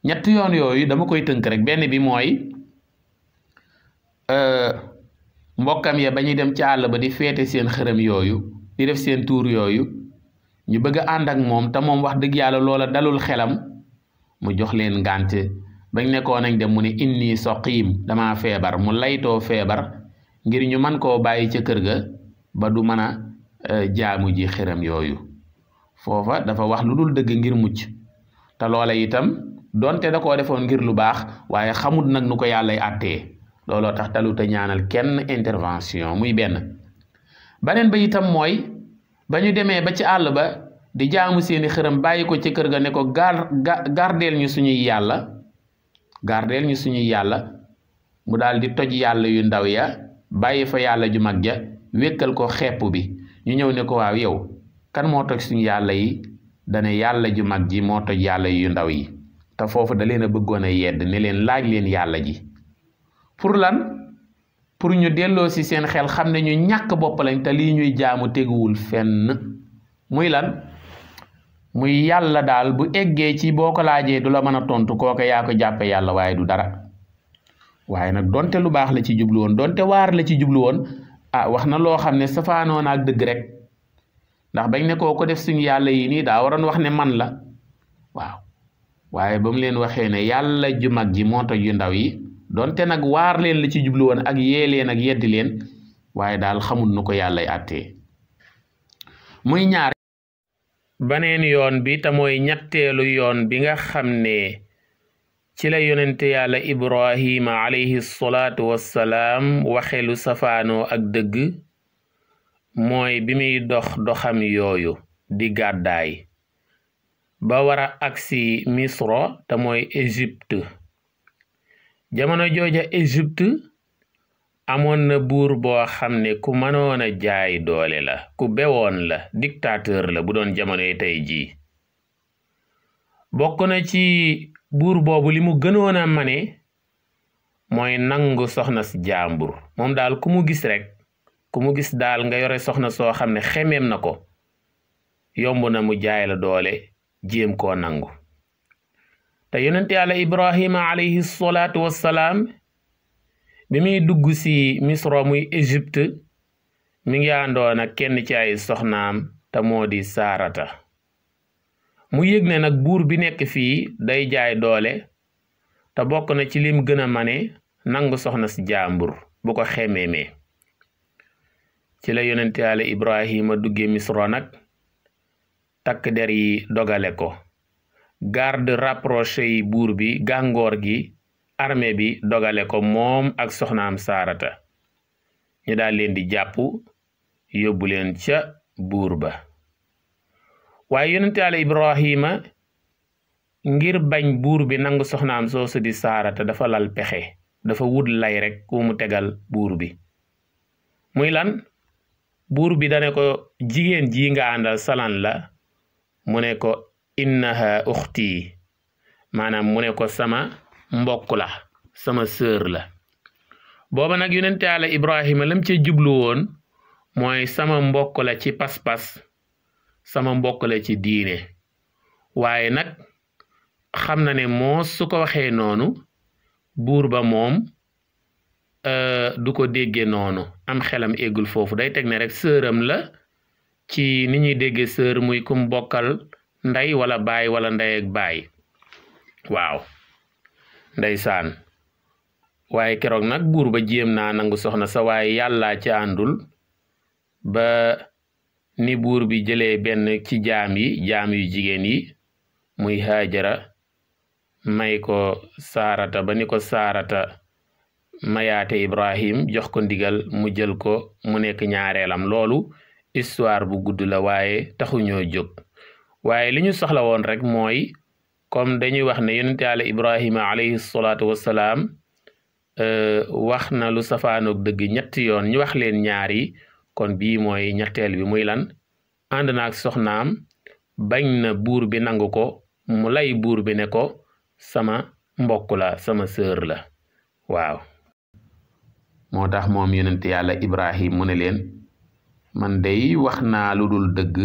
[SPEAKER 1] ñetti yoon yooyu dama koy tënk rek benn bi mooy euh, mbokkam ya ba ñuy dem ci àll ba di feete seen xërëm yooyu di def seen tuur yooyu ñu bëgg ànd ak moom te moom wax dëgg yàlla loola dalul xelam mu jox leen ngànt bañ nekkoo nañ dem mu ne inni soqiim damaa feebar mu laytoo feebar ngir ñu man koo bàyyi ca kër ga ba du mën a e, jaamu ji xiram yooyu foofa dafa wax lu dul dëgg ngir mucc te loola itam donte da koo defoon ngir lu baax waaye xamut nag nu ko yàllay àttee looloo tax taluta ñaanal kenn intervention muy benn beneen ba itam mooy ba ñu demee ba ci àll ba di jaamu seeni xëram bàyyi ko ci kër ga ne ko gar gardeel ñu suñuy yàlla gardeel ñu suñuy yàlla mu daal di toj yàlla yu ndaw ya bàyyi fa yàlla ju mag ja wékkal ko xepp bi ñu ñëw ne ko waaw yow kan moo toj suñu yàlla yi dane yàlla ju mag ji moo toj yàlla yu ndaw yi te foofu da leen a bëggoon a yedd ni leen laaj leen yàlla ji pour lan pour ñu delloo si seen xel xam ne ñu ñàkk bopp te lii ñuy jaamu teguwul fenn muy lan muy yàlla daal bu eggee ci boo ko laajee du la mën a tontu kooke yaa ko jàppe yàlla waaye du dara waaye nag donte lu baax la ci jublu woon donte waar la ci jublu woon a ah, wax na loo xam ne safaanoon ak dëgg rek ndax bañ ne koo ko def suñu yàlla yi nii daa waroon wax ne man la waaw waaye ba mu leen waxee ne yàlla ju mag ji moo toj yu ndaw yi donte nag waar leen la ci jublu woon ak yee leen ak yeddi leen waaye daal xamul nu ko yàllay atte muy ñaar baneen yoon bi tamooy mooy yoon bi nga xam ne ci la yonente yàlla ibrahima alayhi salaatu wassalaam waxe lu safaanoo ak dëgg mooy bimuy dox doxam yooyu di gàddaay ba wara a agsi misro te mooy égypte jamono jooja égypte amoon na buur boo xam ne ku mënoon a jaay doole la ku bewoon la diktatër la bu doon jamonoy tey jii bokk na ci buur boobu li mu gënoon a mane mooy nangu soxna si jaambur moom daal ku mu gis rekk ku mu gis daal nga yore soxna soo xam ne xemeem na ko yomb na mu jaay la doole jéem koo nangu te yonent yàlla ibrahima alayhi salaatu wassalaam bi muy dugg si misro muy égypte mi ngi àndoon ak kenn ci ay soxnaam te moo di saarata mu yëg ne nag buur bi nekk fii day jaay doole te bokk na ci lim gën a mane nangu soxna si jaambur bu ko xemee xemeemee ci la yonent Yàlla Ibrahima dugge Misra nag takk der yi dogale ko garde rapproché yi buur bi gàngoor gi armée bi dogale ko moom ak soxnaam Saarata ñu daal leen di jàpp yóbbu leen ca buur ba waaye yonent Yàlla Ibrahima ngir bañ buur bi nangu soxnaam soosu di saara te dafa lal pexe dafa wut lay rek ku mu tegal buur bi muy lan buur bi dane ko jigéen ji nga àndal salan la mu ne ko innaha uxti maanaam mu ne ko sama mbokk la sama sœur la booba nag yonent Yàlla Ibrahima lam ca jublu woon mooy sama mbokk la ci pas-pas sama mbokk la ci diine waaye nag xam na ne moos su ko waxee noonu buur ba moom euh, du ko déggee noonu am xelam eggul foofu day teg ne rek sëram la ci ni ñuy déggee sër muy kum bokkal ndey wala baay wala ndey ak baay waaw ndeysaan waaye keroog nag buur ba jéem naa nangu soxna sa waaye yàllaa ci àndul ba ni buur bi jëlee benn ci jaam yi jaam yu jigéen yi muy haajara may ko saarata ba ni ko saarata mayaate ibrahim jox ko ndigal mu jël ko mu nekk ñaareelam loolu histoire bu gudd la waaye taxuñoo jóg waaye li ñu soxla woon rek mooy comme dañuy wax ne yonente yàlla ibrahima alayhi salaatu wassalaam euh, wax na lu safaanoog dëgg ñetti yoon ñu wax leen ñaar yi kon bii mooy ñetteel wi muy lan ànd naag soxnaam bañ na buur bi nangu ko mu lay buur bi ne ko sama mbokk la sama sœur la waaw moo tax moom yonent yàlla Ibrahim mu ne leen man dey wax naa lu dul dëgg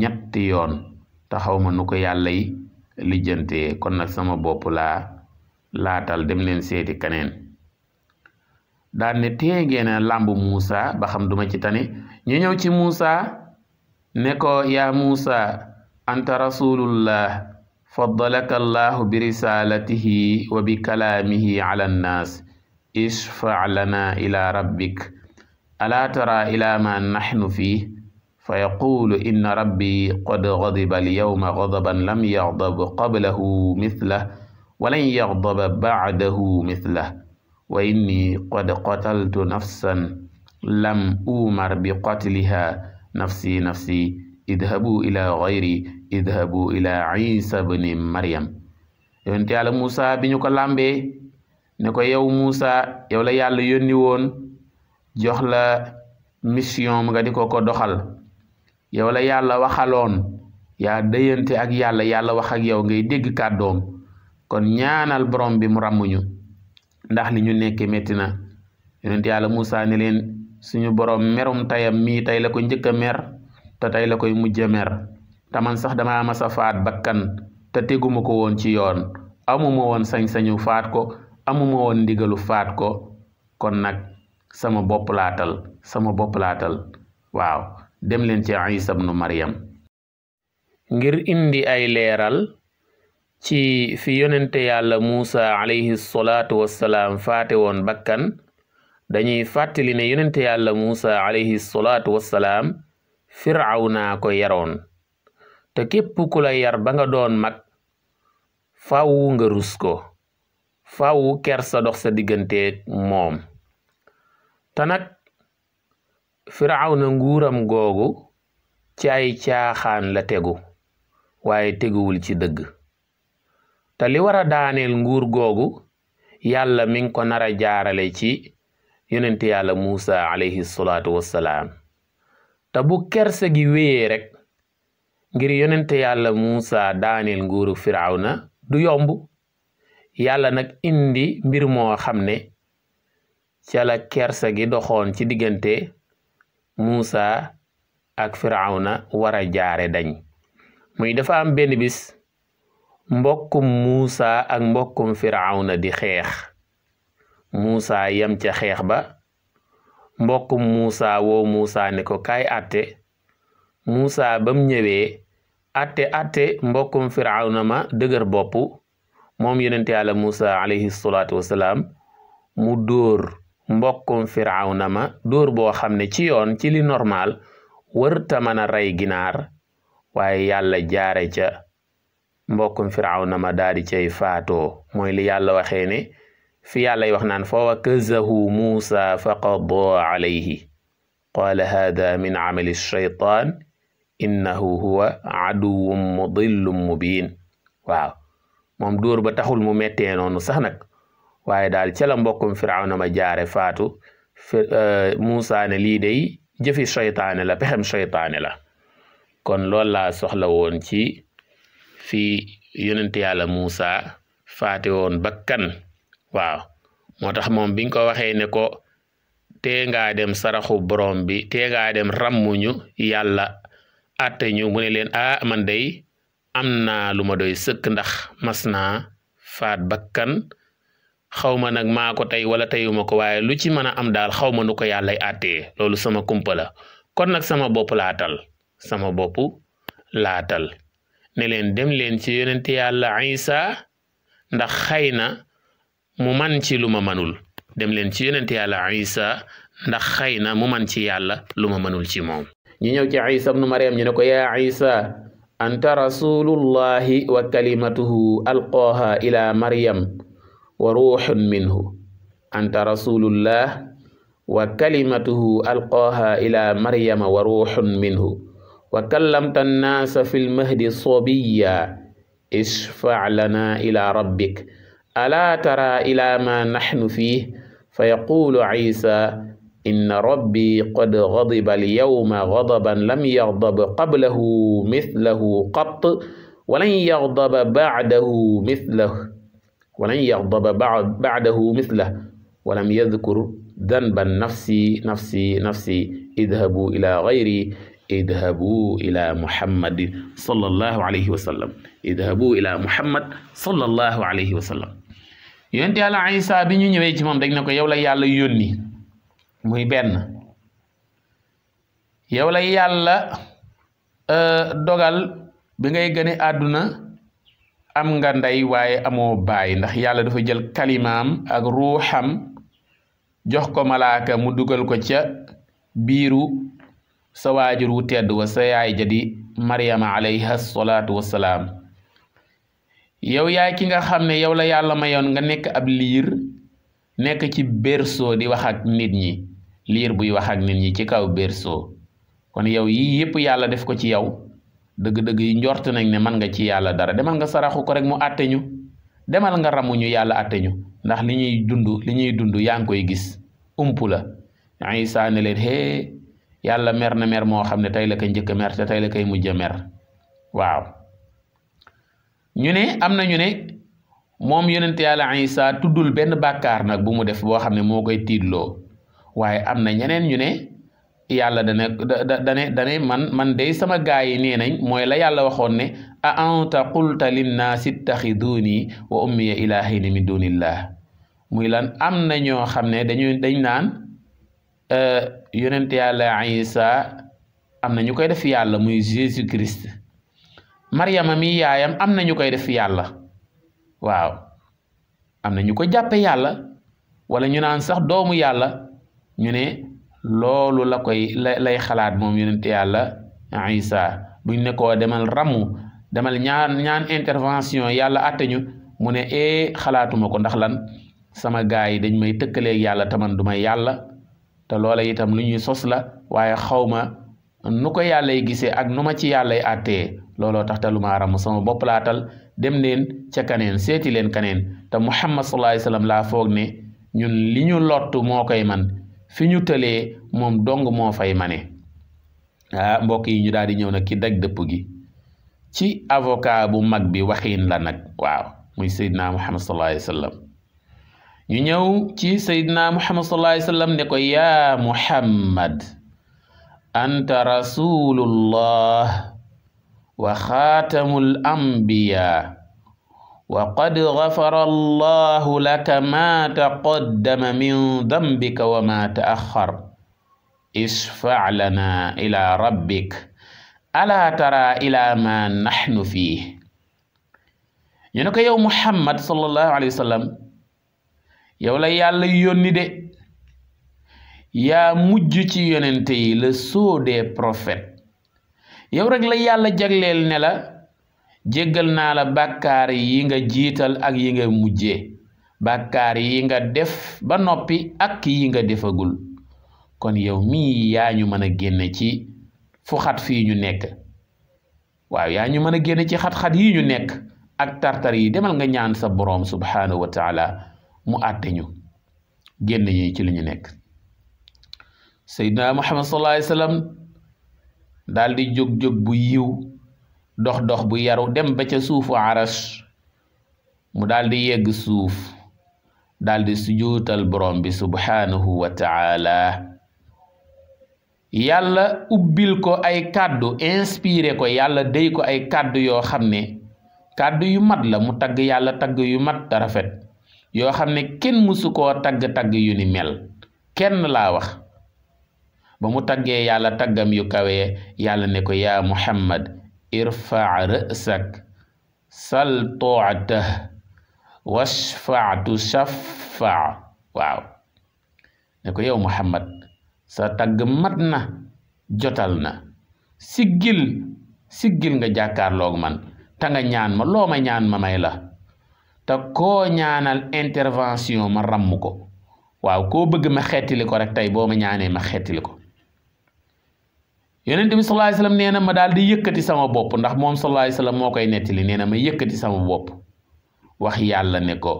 [SPEAKER 1] ñetti yoon taxaw ma nu ko yàlla lijjante kon nag sama bopp laa laatal dem leen seeti kaneen daal ne tee ngeen a làmb Muusa ba xam duma ci tane ñu ñëw ci Muusa ne ko yaa Muusa anta rasulullah faddalaka allahu bi risalatihi wa bi kalaamihi ala annaas ishfa lana ila rabbik alaa tara ila ma naxnu fii fa yaquulu inna rabbi qad gadiba alyawma gadaban lam yagdab qablahu mithlah wa lan yagdaba bacdahu mithlah wa inni qad qataltu nafsan lam umar bi qatliha nafsi nafsi idhabu ila ghayri idhabu ila isa bni maryam yonte yàlla Muusa bi ñu ko làmbee ne ko yow Muusa yow la yàlla yónni woon jox la mission nga di ko ko doxal yow la yàlla waxaloon yaa dëyante ak yàlla yàlla wax ak yow ngay dégg kàddoom kon ñaanal borom bi mu ràmmuñu ndax li ñu nekkee métti na yonent yàlla Moussa ne leen suñu borom merum tayam mi tey la ko njëkk mer te tey la koy mujj a mer te man sax damaa mas a faat bakkan te teguma ko woon ci yoon amuma woon sañ-sañu faat ko amuma woon ndigalu faat ko kon nag sama bopp sama bopp waaw dem leen ci Isa ibnu Maryam ngir indi ay leeral ci fi yonente yàlla Muusa alayhi salaam wassalaam faate woon bakkan dañuy fàttali ne yonente yàlla Muusa alayhi salaam wassalaam firawna ko yaroon te képp ku la yar ba nga doon mag fawu nga ko faaw kersa dox sa digganteeg moom te nag firawna nguuram googu ci ay caaxaan la tegu waaye teguwul ci dëgg te li war a daaneel nguur googu yàlla mi ngi ko nara a jaarale ci yonente yàlla Muusa alayhi salaam wassalaam te bu kerse gi wéyee rek ngir yonente yàlla Muusa daaneel nguuru Firawna du yomb yàlla nag indi mbir moo xam ne ca la kerse gi doxoon ci diggante Muusa ak Firawna war a jaare dañ muy dafa am benn bis mbokkum muusa ak mbokkum firawna di xeex muusa yam ca xeex ba mbokkum muusa woo muusa ne ko kaay atte muusa bam ñëwee atte atte mbokkum firawna ma dëgër bopp moom yonente yàlla muusa alayhi salaam mu dóor mbokkum firawna ma dóor boo xam ne ci yoon ci li normal wërta mën a rey ginaar waaye yàlla jaare ca mbokkum firawna ma daal di cay faatoo mooy li yàlla waxee ne fi yàlla wax naan fa wakazahu muusa fa qadaa alayhi qaala haada min amali dóor ba taxul mu mettee noonu sax nag waaye daal ca la mbokkum firawna ma faatu euh, muusa lii day jëfi shaytaane la pexem shaytaane la kon loolu soxla woon fi yonent yàlla Muusa faate woon bakkan waaw moo tax moom biñ ko waxee ne ko tee ngaa dem saraxu borom bi tee ngaa dem ràmmuñu yàlla atte ñu mu ne leen ah man day am na lu ma doy sëkk ndax mas naa faat bakkan xaw ma nag maa ko tey wala teyuma ko waaye lu ci mën a am daal xaw ma nu ko yàllay àttee loolu sama kumpa kon nag sama bopp laatal sama bopp laatal ni leen dem leen ci yonent yàlla isa ndax xëy na mu man ci lu ma manul dem leen ci yonent yàlla isa ndax xëy na mu man ci yàlla lu ma manul ci moom ñu ñëw ci isa ibnu mariam ñu ne ko yaa isa anta rasulullahi wa kalimatuhu alqooha ila maryam wa ruuxun minhu rasulullah wa kalimatuhu alqooha ila maryama wa ruuxun minhu wa kallamta annaasa fi lmahdi sobiya ishfa lana ila rabbik alaa tara ila ma naxnu fiih fa yaqulu isa inna rabbi qad gadiba alyawma gadaban lam yagdab qablahu mithlahu qat walan yagdaba bacdahu mithlahu walan yagdaba bacdahu mithlahu walam yadkur danban nafsi nafsi nafsi idhabu ila gayri idhabu ila muhammad sallallahu alayhi wa sallam idhabu ila muhammad sallallahu alayhi wa sallam yonent yàlla Isa bi ñu ñëwee ci moom dañ ne ko yow la yàlla yónni muy benn yow la yàlla euh, dogal bi ngay gëne àdduna am nga ndey waaye amoo baay ndax yàlla dafa jël kalimaam ak ruuxam jox ko malaaka mu dugal ko ca biiru sa waajur wu tedd wa sa yaay ja di maryama alayha salaatu wassalaam yow yaay ki nga xam ne yow la yàlla mayoon nga nekk ab liir nekk ci berceau di wax ak nit ñi liir buy wax ak nit ñi ci kaw berceau kon yow yii yépp yàlla def ko ci yow dëgg-dëgg yi njort nañ ne mën nga ci yàlla dara demal nga saraxu ko rek mu àtte ñu demal nga ramuñu yàlla àtte ñu ndax li ñuy dund li ñuy dund yaa ngi koy gis ump la Isa ne leen yàlla mer na mer moo xam ne tey la koy njëkk tey la koy mujj a mer waaw ñu ne am na ñu ne moom yonent yàlla Isa tuddul benn bàkkaar nag bu mu def boo xam ne moo koy tiidloo waaye am na ñeneen ñu ne yàlla dane dane man man day sama gaa yi nee nañ mooy la yàlla waxoon ne a anta qulta linnaasi ittaxiduuni wa ummiya ilaahayni min duunillah muy lan am na ñoo xam ne dañu dañ naan Euh, yonent yàlla Isa am na ñu koy def yàlla muy Jésus Christ Maryama mi yaayam am na ñu koy def yàlla waaw am na ñu ko jàppe yàlla wala ñu naan sax doomu yàlla ñu ne loolu la koy la lay xalaat moom yonent yàlla Isa buñ ne koo demal ramu demal ñaan ñaan intervention yàlla àtte ñu mu ne ee eh, xalaatuma ko ndax lan sama gaay yi dañ may tëkkaleeg yàlla taman du yàlla te loola itam lu ñuy sos la waaye xaw ma nu ko yàllay gisee ak nu ma ci yàllay àttee looloo tax te lu ma ramm sama bopp laatal dem leen ca kaneen seeti leen kaneen te muhammad sallallahu alayhi wasallam laa foog ne ñun li ñu lott moo koy man fi ñu tëlee moom dong moo fay mane ah mbokk yi ñu daal di ñëw na kii daj dëpp gi ci avocat bu mag bi waxiin la nag waaw muy seydina muhammad sallallahu alayhi wasallam ñu ñëw ci seydina muhammad sallallahu alayhi wa sallam ne ko yaa muhammad anta rasulullah wa xaatamul ambiya wa qad gafara allahu laka ma taqaddama min dambika wa ma taaxar isfa lana ila rabbik ala tara ila ma naxnu fii ñu ne ko yow muhammad sallallahu alayhi wa sallam yow la yàlla yónni de yaa mujj ci yonente yi la soo dee prophètes yow rek la yàlla jagleel ne la jéggal naa la bàkkaar yi nga jiital ak yi nga mujje bàkkaar yi nga def ba noppi ak yi nga defagul kon yow mi yaa ñu mën a génne ci fu xat fii ñu nekk waaw yaa ñu mën a génne ci xat-xat yi ñu nekk ak tartar yi demal nga ñaan sa boroom subhaanahu wa taala mu àtte ñu génn ñi ci lu ñu nekk seydina muhammad sallallahu alayhi jóg-jóg bu yiw dox-dox bu yaru dem ba ca suufu arash mu daldi yegg suuf daldi di sujuutal borom bi subhaanahu wa taala yàlla ubbil ko ay kàddu inspiré ko yàlla dey ko ay kàddu yoo xam ne kàddu yu mat la mu tagg yàlla tagg yu mat te rafet yoo xam ne kenn mësu koo tagg-tagg yu ni mel kenn la wax ba mu taggee yàlla taggam yu kawee yàlla ne ko yaa muhammad irfa rësak sal toata washfaatu shafa waaw ne ko yow muhammad sa tagg mat na jotal na siggil siggil nga jàkkaarloog man ta nga ñaan ma loo ñaan ma may la te koo ñaanal intervention ma ràmm ko waaw koo bëgg ma xettili ko rek tey boo ma ñaanee ma xettili ko yonent bi sallallahu alayhi nee na ma daal di yëkkati sama bopp ndax moom sallallahu alayhi wasallam moo koy nettali nee na ma yëkkati sama bopp wax yàlla ne ko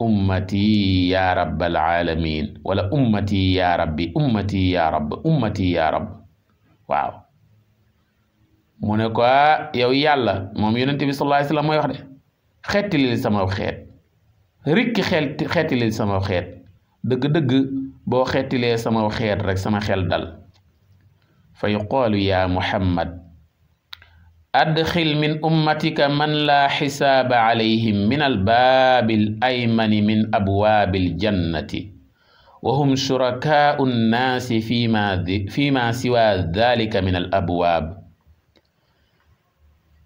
[SPEAKER 1] ummati ya rabbal alamin wala ummati ya rabbi ummati ya rabb ummati ya waaw mu ne ko ah, yow yàlla moom yonent bi sallallahu alayhi mooy wax de xeetilil sama xeet rikki xel sama xeet dëgg-dëgg boo xeetilee sama xeet rek sama xel dal fa yuqaalu muhammad adxil min ummatika man laa xisaaba alayhim min albaabil aymani min abwaabil jannati wa hum shurakaau nnaasi siwa dalika min abwaab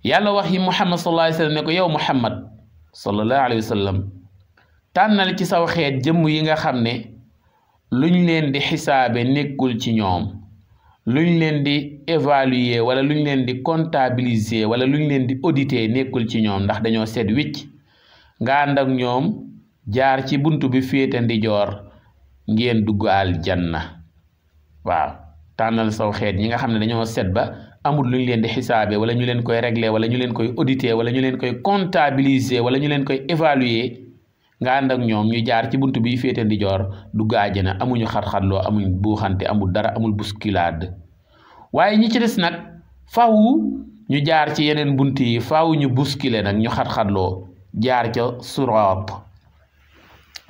[SPEAKER 1] yàlla wax yi muhammad sallallahu alayhi wa sallam ne ko yow muhammad sallallahu alayhi wa sallam tànnal ci saw xeet jëmm yi nga xam ne luñ leen di xisaabe nekkul ci ñoom luñ leen di évaluer wala luñ leen di comptabiliser wala luñ leen di auditer nekkul ci ñoom ndax dañoo seet wicc nga ànd ak ñoom jaar ci bunt bi féete joor ngeen dugg na waaw tànnal saw xeet ñi nga xam ne dañoo set ba amul lu ñu leen di xisaabe wala ñu leen koy régler wala ñu leen koy auditer wala ñu leen koy comptabiliser wala ñu leen koy évaluer nga ànd ak ñoom ñu jaar ci bunt bi féete di joor dugg àjjana amuñu xat-xatloo amuñ buuxante amul dara amul bousculade waaye ñu ci des nag faaw ñu jaar ci yeneen bunt yi faaw ñu bousculer nag ñu xat-xatloo jaar ca suraat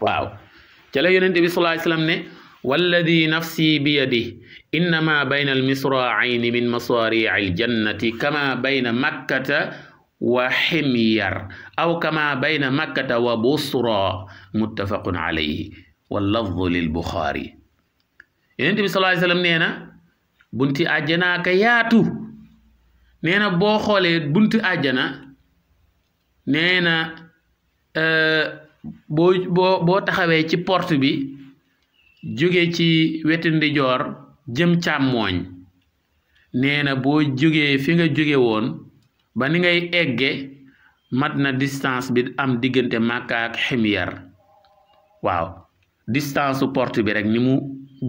[SPEAKER 1] waaw ca la yonente bi sallallahu alayhi wasallam ne walladi nafsi bi innama bayna almisraayni min masarici aljannati kama bayna makkata wa ximyar aw kama bayna makkata wa busra muttafaqun alayhi wallafdu lilbuxaari yonent bi sallallahu alayhi wa sallam na bunti àjjana ka yaatu nee na boo xoolee bunti àjjana nee na euh, boo boo taxawee ci porte bi jóge ci wetu ndijoor jëm càmmoñ nee na boo jógee fi nga jóge woon ba ni ngay egge mat na distance bi am diggante màkka ak Ximyar waaw distance su porte bi rek ni mu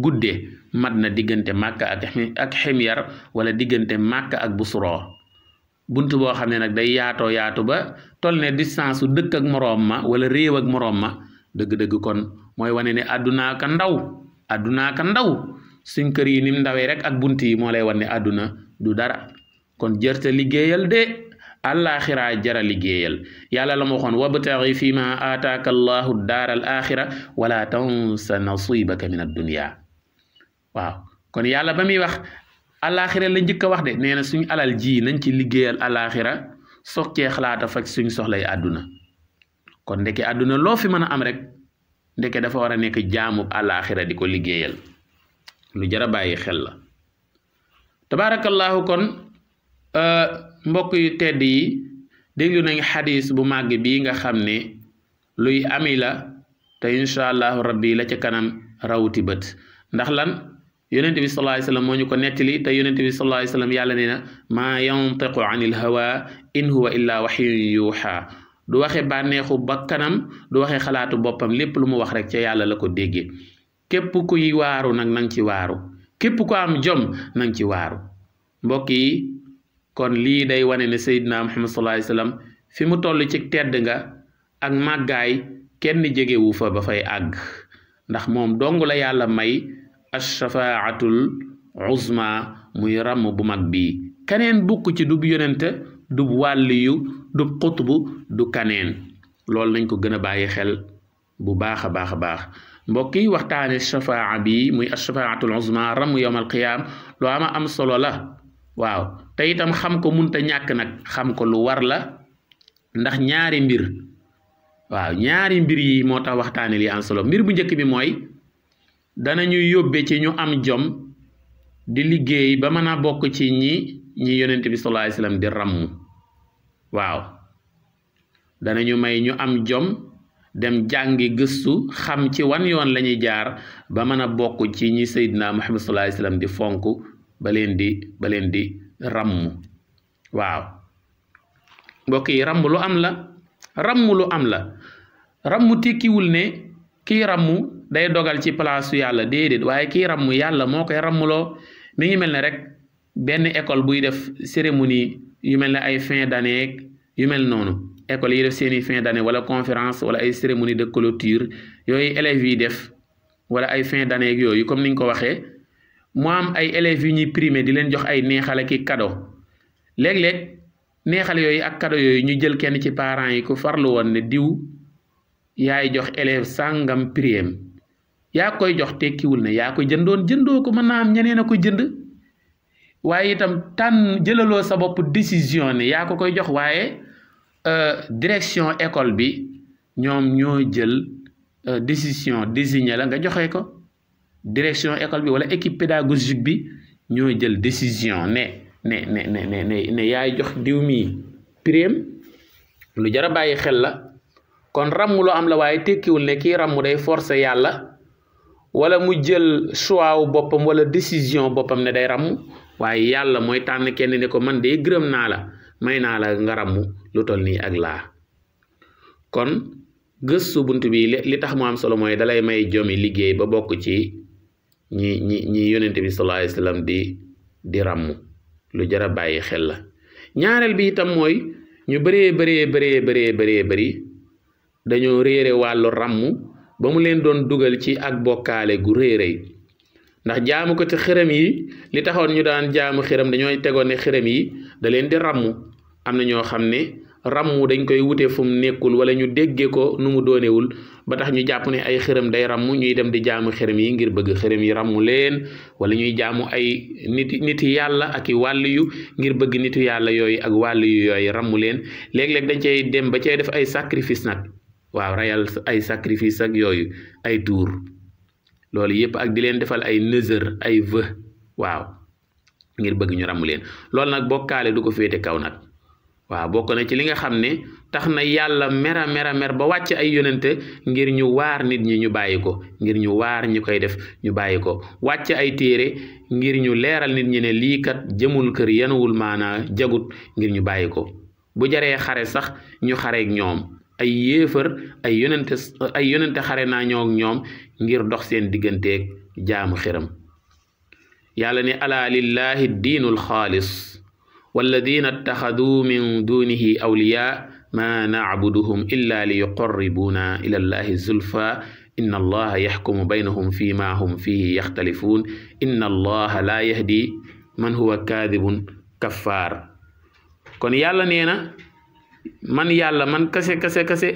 [SPEAKER 1] guddee mat na diggante Makka ak ak Ximyar wala diggante Makka ak Busro bunt boo xam ne nag day yaatoo yaatu ba toll ne distance su dëkk ak moroom ma wala réew ak moroom ma dëgg-dëgg kon mooy wane ne àddunaa ka ndaw àddunaa ka ndaw suñ kër yi nim ndawee rek ak bunt yi moo lay wan ne àdduna du dara kon jërte liggéeyal de àllaaxira jara liggéeyal yàlla la ma waxoon wabtaxi fi ma aataaka allahu daara al axira wala tansa nasibaka min addunia waaw kon yàlla ba muy wax àllaaxira la njëkk a wax de nee na suñ alal ji nañ ci liggéeyal àllaaxira soog cee xalaat a faj suñ soxlay àdduna kon ndeke àdduna loo fi mën a am rek ndeke dafa war a nekk jaamub àllaaxira di ko liggéeyal lu jar a bàyyi xel la tabaarakallaahu kon euh, mbokk yu tedd yi déglu nañ xadis bu màgg bii nga xam ne luy ami la te incha allahu rabbi la ca kanam rawuti bët ndax lan yonente bi sallallahu alayhi wasallam moo ñu ko nettali te yonente bi sallallahu alayhi yàlla nee na maa yantiqu anil hawa in huwa illaa yuuxa du waxe bànneexu kanam du waxe xalaatu boppam lépp lu mu wax rek ca yàlla la ko déggee képp kuy waaru nag nang ci waaru képp ku am jom nang ci waaru mbokk yi kon lii day wane ne Seydina Muhammad sallallahu alayhi fi mu toll ci tedd nga ak màggaay kenn jegewu fa ba fay àgg ndax moom dong la yàlla may ashafaatul uzma muy ràmm bu mag bii kaneen bukk ci dub yonente du wàlliyu dub xutbu du kaneen loolu nañ ko gën a bàyyi xel bu baax a baax a baax mbokk yi waxtaane shafaa bi muy ashafaatul uzma ram yowm al qiyaam lu ama am solo la waaw te xam ko munta ñàkk nag xam ko lu war la ndax ñaari mbir waaw ñaari mbir yi moo tax waxtaane li am solo mbir bu njëkk bi mooy dana danañu yóbbe ci ñu am jom di liggéey ba mën a bokk ci ñi ñi yonent bi sallallahu alayhi wasallam di ramm may ñu am jom dem jàngi gëstu xam ci wan yoon lañuy jaar ba mën a bokk ci ñi sayyidina Muhammad sallallahu alayhi wasallam di fonk ba leen di ba leen di ramm waaw mbokk yi ramm lu am la ramm lu am la ramm tekkiwul ne kii ramm day dogal ci palaasu yàlla déedéet waaye kii ramm yàlla moo koy rammuloo mi ngi mel ne rek benn école buy def cérémonie yu mel ne ay fin d'année yu mel noonu école yi def seen i fin d'année wala conférence wala ay cérémonie de clôture yooyu élèves yi def wala ay fin d'année ak yooyu comme niñ ko waxee mu am ay élèves yu ñuy primé di leen jox ay neexal ak i cadeau neexal yooyu ak cadeau yooyu ñu jël kenn ci parents yi ku farlu woon ne diw yaay jox élève sàngam prime yaa koy jox tekkiwul ne yaa ko jëndoon jëndoo ko mën naa ñeneen a ko jënd waaye itam tànn jëlaloo sa bopp décision ne yaa ko koy jox waaye Euh, direction école bi ñoom ñoo jël euh, décision désigné la nga joxe ko direction école bi wala équipe pédagogique bi ñoo jël décision ne ne ne ne ne yaay jox diw mi prime lu jar a bàyyi xel la kon ràmm lu am la waaye tekkiwul ne kii ràmm day forcer yàlla wala mu jël soiw boppam wala décision boppam ne day ràmm waaye yàlla mooy tànn kenn ne ko man de gërëm naa la. may naa la nga ràmm lu toll nii ak laa kon gëstu bunt bi li tax mu am solo mooy dalay may jomi liggéey ba bokk ci ñi ñi ñi yonente bi sallallahu alayhi di di ràmm lu jar a bàyyi xel la ñaareel bi itam mooy ñu bëree bëree bare bëree bari bëri dañoo réere wàllu ràmm ba mu leen doon dugal ci ak bokkaale gu réerey ndax jaamu ko ci xërëm yi li taxoon ñu daan jaamu xërëm dañoo tegoon ne xërëm yi da leen di ràmmu am na ñoo xam ne ràmmu dañ koy wute fu mu nekkul wala ñu déggee ko nu mu doonewul ba tax ñu jàpp ne ay xërëm day ràmm ñuy dem di jaamu xërëm yi ngir bëgg xërëm yi ràmmu leen wala ñuy jaamu ay nit nit yàlla ak i wàllu yu ngir bëgg nitu yàlla yooyu ak wàllu yu yooyu ràmmu leen léeg-léeg dañ cee dem ba cee def ay sacrifice nag waaw rayal ay sacrifice ak yooyu ay tuur loolu yëpp ak di leen defal ay nëzër ay vë waaw ngir bëgg ñu ràmm leen loolu nag bokkaale du ko féete kaw nag waaw bokk na ci li nga xam ne tax na yàlla mera mera mer ba wàcc ay yonente ngir ñu waar nit ñi ñu bàyyi ko ngir ñu waar ñu koy def ñu bàyyi ko wàcce ay téere ngir ñu leeral nit ñi ne lii kat jëmul kër yanuwul maanaa jagut ngir ñu bàyyi ko bu jaree xare sax ñu xareek ñoom ay yéefar ay yonente ay yonente xare naa ñoo ñoom ngir dox seen digganteeg jaamu xiram yàlla ne alaa lillahi diinul xaalis walladina attaxaduu min dunihi awliya ma nacbuduhum illa li yuqarribuuna ila allahi zulfa inna allaha yaxkumu baynahum fi ma hum fihi yaxtalifuun inna allaha laa yahdi man huwa kaadibun kaffaar kon yàlla nee na man yàlla man kase kase kase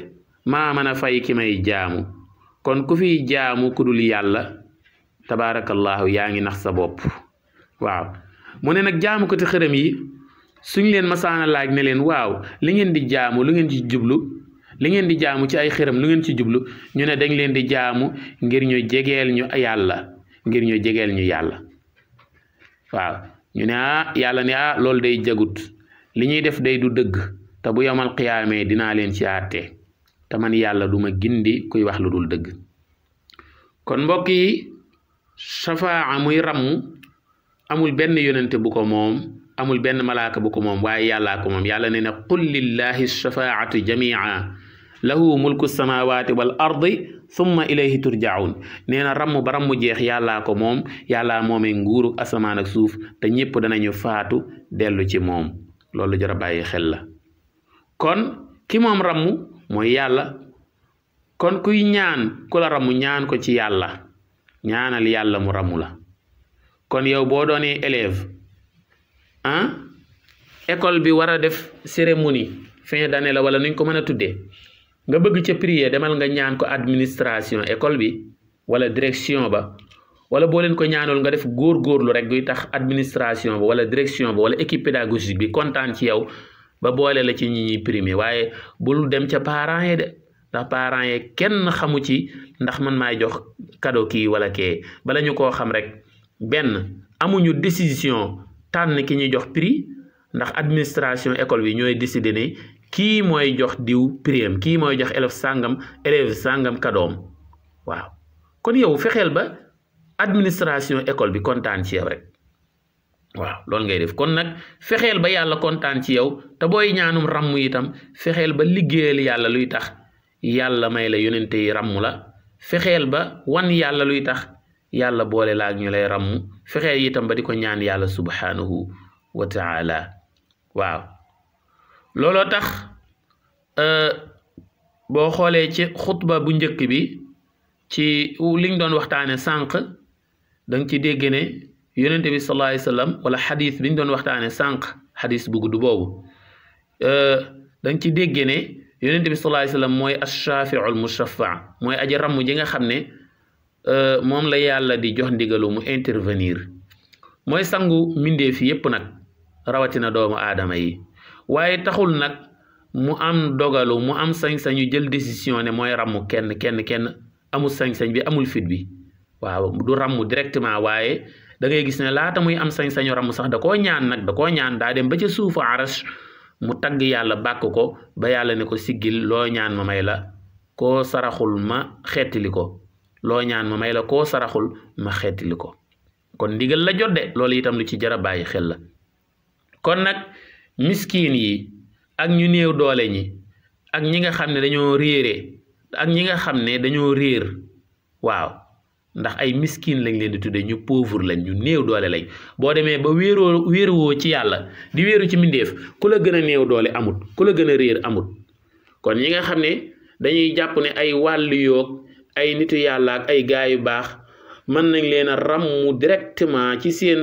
[SPEAKER 1] maa mën a fay ki may jaamu kon ku fi jaamu ku dul yàlla tabaarakallaahu yaa ngi nax sa bopp waaw mu ne nag jaamu ko ci xërëm yi suñ leen masaana laaj ne leen waaw li ngeen di jaamu lu ngeen ci jublu li ngeen di jaamu ci ay xërëm lu ngeen ci jublu ñu ne dañ leen di jaamu ngir ñu jegeel ñu yàlla ngir ñu jegeel ñu yàlla waaw ñu ne ah yàlla ne ah loolu day jagut li ñuy def day du dëgg te bu yomal xiyaamee dinaa leen ci àtte te man yàlla duma gindi kuy wax lu dul dëgg kon mbokk yi safaa muy ramm amul benn yonente bu ko moom amul benn malaaka bu ko moom waaye yàllaa ko moom yàlla nee na qul lillahi shafaatu jamia lahu mulku samawati wal ardi summa ilayhi turjaun nee na ramm ba ramm jeex yàlla ko moom yàlla moomee nguuru asamaan ak suuf te ñépp danañu faatu dellu ci moom loolu jara bàyyi xel la kon ki moom ramm mooy yàlla kon kuy ñaan ku la ramu ñaan ko ci yàlla ñaanal yàlla mu ramu la kon yow boo doonee élève ah école bi war a def cérémonie fin d'année la wala nuñ ko mën a tuddee nga bëgg ca prier demal nga ñaan ko administration école bi wala direction ba wala boo leen ko ñaanul nga def góor rek guy tax administration ba wala direction ba wala équipe pédagogique bi kontaan ci yow ba boole la ci ñi ñuy primé waaye bul dem ca parent yi de ndax parents yi kenn xamu ci ndax man maay jox kado kii wala kee bala ñu koo xam rek benn amuñu décision tànn ki ñuy jox prix ndax administration école bi ñooy décider ne kii mooy jox diw prix kii mooy jox élève sàngam élève sàngam kadoom waaw kon yow fexeel ba administration école bi kontaan ci yow rek waaw loolu ngay def kon nag fexeel ba yàlla kontaan ci yow te booy ñaanum ràmm itam fexeel ba liggéeyal yàlla luy tax yàlla may la yonente yi ràmm la fexeel ba wan yàlla luy tax yàlla boole laak ñu lay ràmm fexeel itam ba di ko ñaan yàlla subhaanahu wa taala waaw looloo tax euh, boo xoolee ci xutba bu njëkk bi ci liñ doon waxtaane sànq danga ci dégg yonente bi sallallahu alayhi wala xadis bi ñu doon waxtaane sànq xadis bu gudd boobu euh, da nga ci déggee ne yonente bi sallallahu alayhi wa sallam mooy ashaafiul mushafaa mooy aji ramm ji nga xam ne euh, moom la yàlla di jox ndigalu mu intervenir mooy sangu mbindeef yépp nag rawatina doomu aadama yi waaye taxul nag mu am dogalu mu am sañ-sañu jël décision ne mooy ramm kenn kenn kenn amul sañ-sañ bi amul fit bi waaw du ramm directement waaye dangay ngay gis ne laata muy am sañ-sañu ramu sax da koo ñaan nag da koo ñaan daa dem ba ca suufu aras mu tagg yàlla bàkk ko ba yàlla ne ko siggil loo ñaan ma may la koo saraxul ma xettili ko loo ñaan ma may la koo saraxul ma xettili ko kon ndigal la jot de loolu itam lu ci jar a bàyyi xel la kon nag miskiin yi ak ñu néew doole ñi ak ñi nga xam ne dañoo réere ak ñi nga xam ne dañoo réer waaw ndax ay miskin lañ leen di tuddee ñu pauvre lañ ñu néew doole lañ boo demee ba wéeroo wéeruwoo ci yàlla di wéeru ci mbindeef ku la gën a néew doole amut ku la gën a réer amut kon ñi nga xam ne dañuy jàpp ne ay wàll yoog ay nitu yàllaak ay gaay yu baax mën nañ leen a ràmmu directement ci seen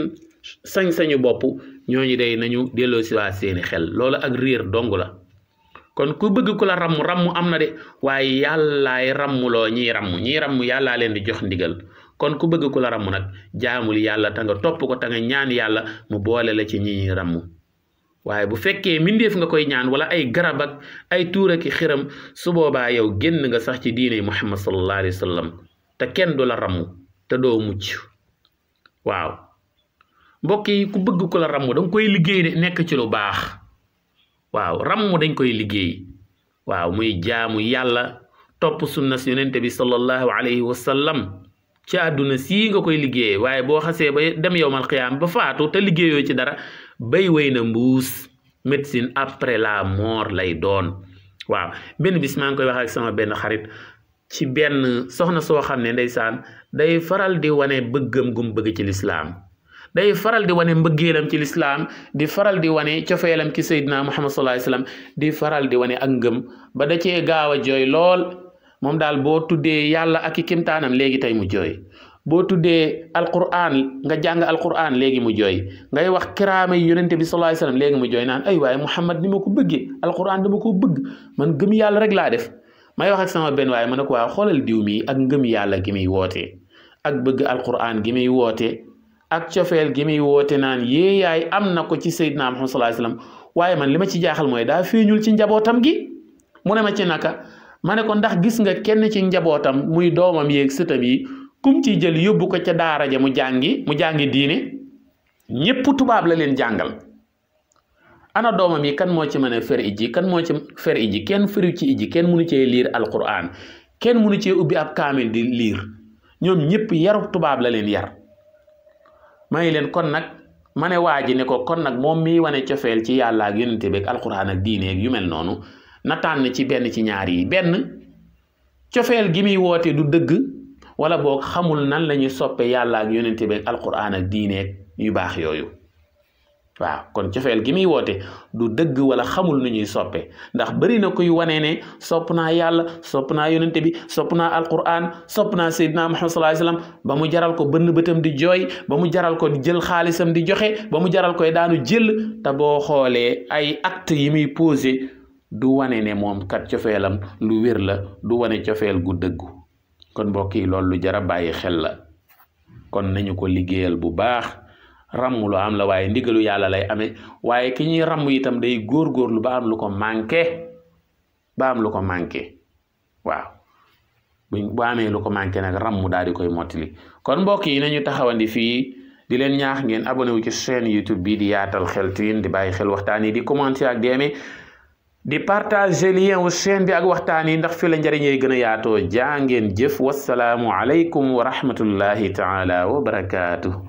[SPEAKER 1] sañ-sañu bopp ñooñu day nañu delloo si waa seeni xel loolu ak réer dong la kon ku bëgg ko la rammu rammu am na de waaye yàllaay rammuloo ñiy rammu ñiy rammu leen di jox ndigal kon ku bëgg ku la rammu nag jaamul yàlla tanga topp ko ta ñaan yàlla mu boole la ci ñi rammu waaye bu fekkee mbindeef nga koy ñaan wala ay garab ak ay tuur ak xiram su boobaa yow génn nga sax ci diine Muhammad sallallahu alayhi wa sallam te kenn du la rammu te doo mucc waaw mbokk yi ku bëgg ko la rammu da koy liggéey de nekk ci lu baax. waaw rammu dañ koy liggéey waaw muy jaamu yàlla topp sunna si yonente bi sallallahu alayhi wa sallam ci àdduna sii nga koy liggéeyee waaye boo xasee ba dem yowmal qiyaam ba faatu te liggéeyoo ci dara bay way na mbuus médecine après la mort lay doon waaw benn bis maa ngi koy wax sama benn xarit ci benn soxna soo xam ne saan day faral di wane bëggam gum bëgg ci lislaam day faral di wane mbëggeelam ci lislaam di faral di wane cofeelam ci sayyidina muhammad sallallahu alayhi wasallam di faral di wane ak ngëm ba da cee gaaw a jooy lool moom daal boo tuddee yàlla ak i kimtaanam léegi tey mu jooy boo tuddee alquran nga jàng alquran léegi mu jooy ngay wax kiraama yi yonente bi sallallahu alayhi léegi mu jooy naan ay waaye muhammad ni ma ko bëggee alquran dama ko bëgg man gëm yàlla rek laa def may wax sama benn waaye ma ne ko waaw xoolal diw mi ak ngëm yàlla gi muy wootee ak bëgg gi muy wootee ak cofeel gi muy woote naan yee yaay am na ko ci Seydina Muhammad sallallahu alayhi waaye man li ma ci jaaxal mooy daa feeñul ci njabootam gi mu ne ma ci naka ma ne ko ndax gis nga kenn ci njabootam muy doomam yeeg sëtam yi kum ci jël yóbbu ko ca daara ja mu jàngi mu jàngi diine ñépp tubaab la leen jàngal ana doomam yi kan moo ci mën a fer iji kan moo ci fer iji kenn feriw ci iji kenn mënu cee liir alquran kenn mënu cee ubbi ab kaamil di liir ñoom ñëpp yarub tubaab la leen yar ma ne leen kon nag ma ne waa ji ne ko kon nag moom miy wane cofeel ci yàlla ak yonent bi ak alxuraan ak diine yu mel noonu na ci benn ci ñaar yi benn cofeel gi muy woote du dëgg wala boog xamul nan la ñuy soppe yàlla ak yonent bi ak alxuraan ak diine yu baax yooyu waaw kon cofeel gi muy woote du dëgg wala xamul nu ñuy soppe ndax bëri na kuy wanee ne sopp naa yàlla sopp naa yonente bi sopp naa alquran sopp naa sayyidina muhammad sallallahu alayhi wasallam ba mu jaral ko bënn bëtam di jooy ba mu jaral ko jël xaalisam di joxe ba mu jaral koy daanu jël te boo xoolee ay acte yi muy posé du wane ne moom kat cofeelam lu wér la du wane cofeel gu dëggu kon mbokk yi loolu lu jar a bàyyi xel la kon nañu ko liggéeyal bu baax ramm lu am la waaye ndigalu yàlla lay amee waaye ki ñuy ramm itam day góorgóorlu ba am lu ko manqué ba am lu ko manqué waaw buñ bu amee lu ko manqué nag ramm daal di koy mottali kon mbokk yi nañu taxawandi fii di leen ñaax ngeen abonné wu ci chaîne YouTube bi di yaatal xel xeltuyin di bàyyi xel waxtaan yi di commenter ak di di partager lien wu chaîne bi ak waxtaan yi ndax fi la njëriñee gën a yaatoo jaa ngeen jëf wasalaamu aleykum wa rahmatullahi taala wa barakaatu.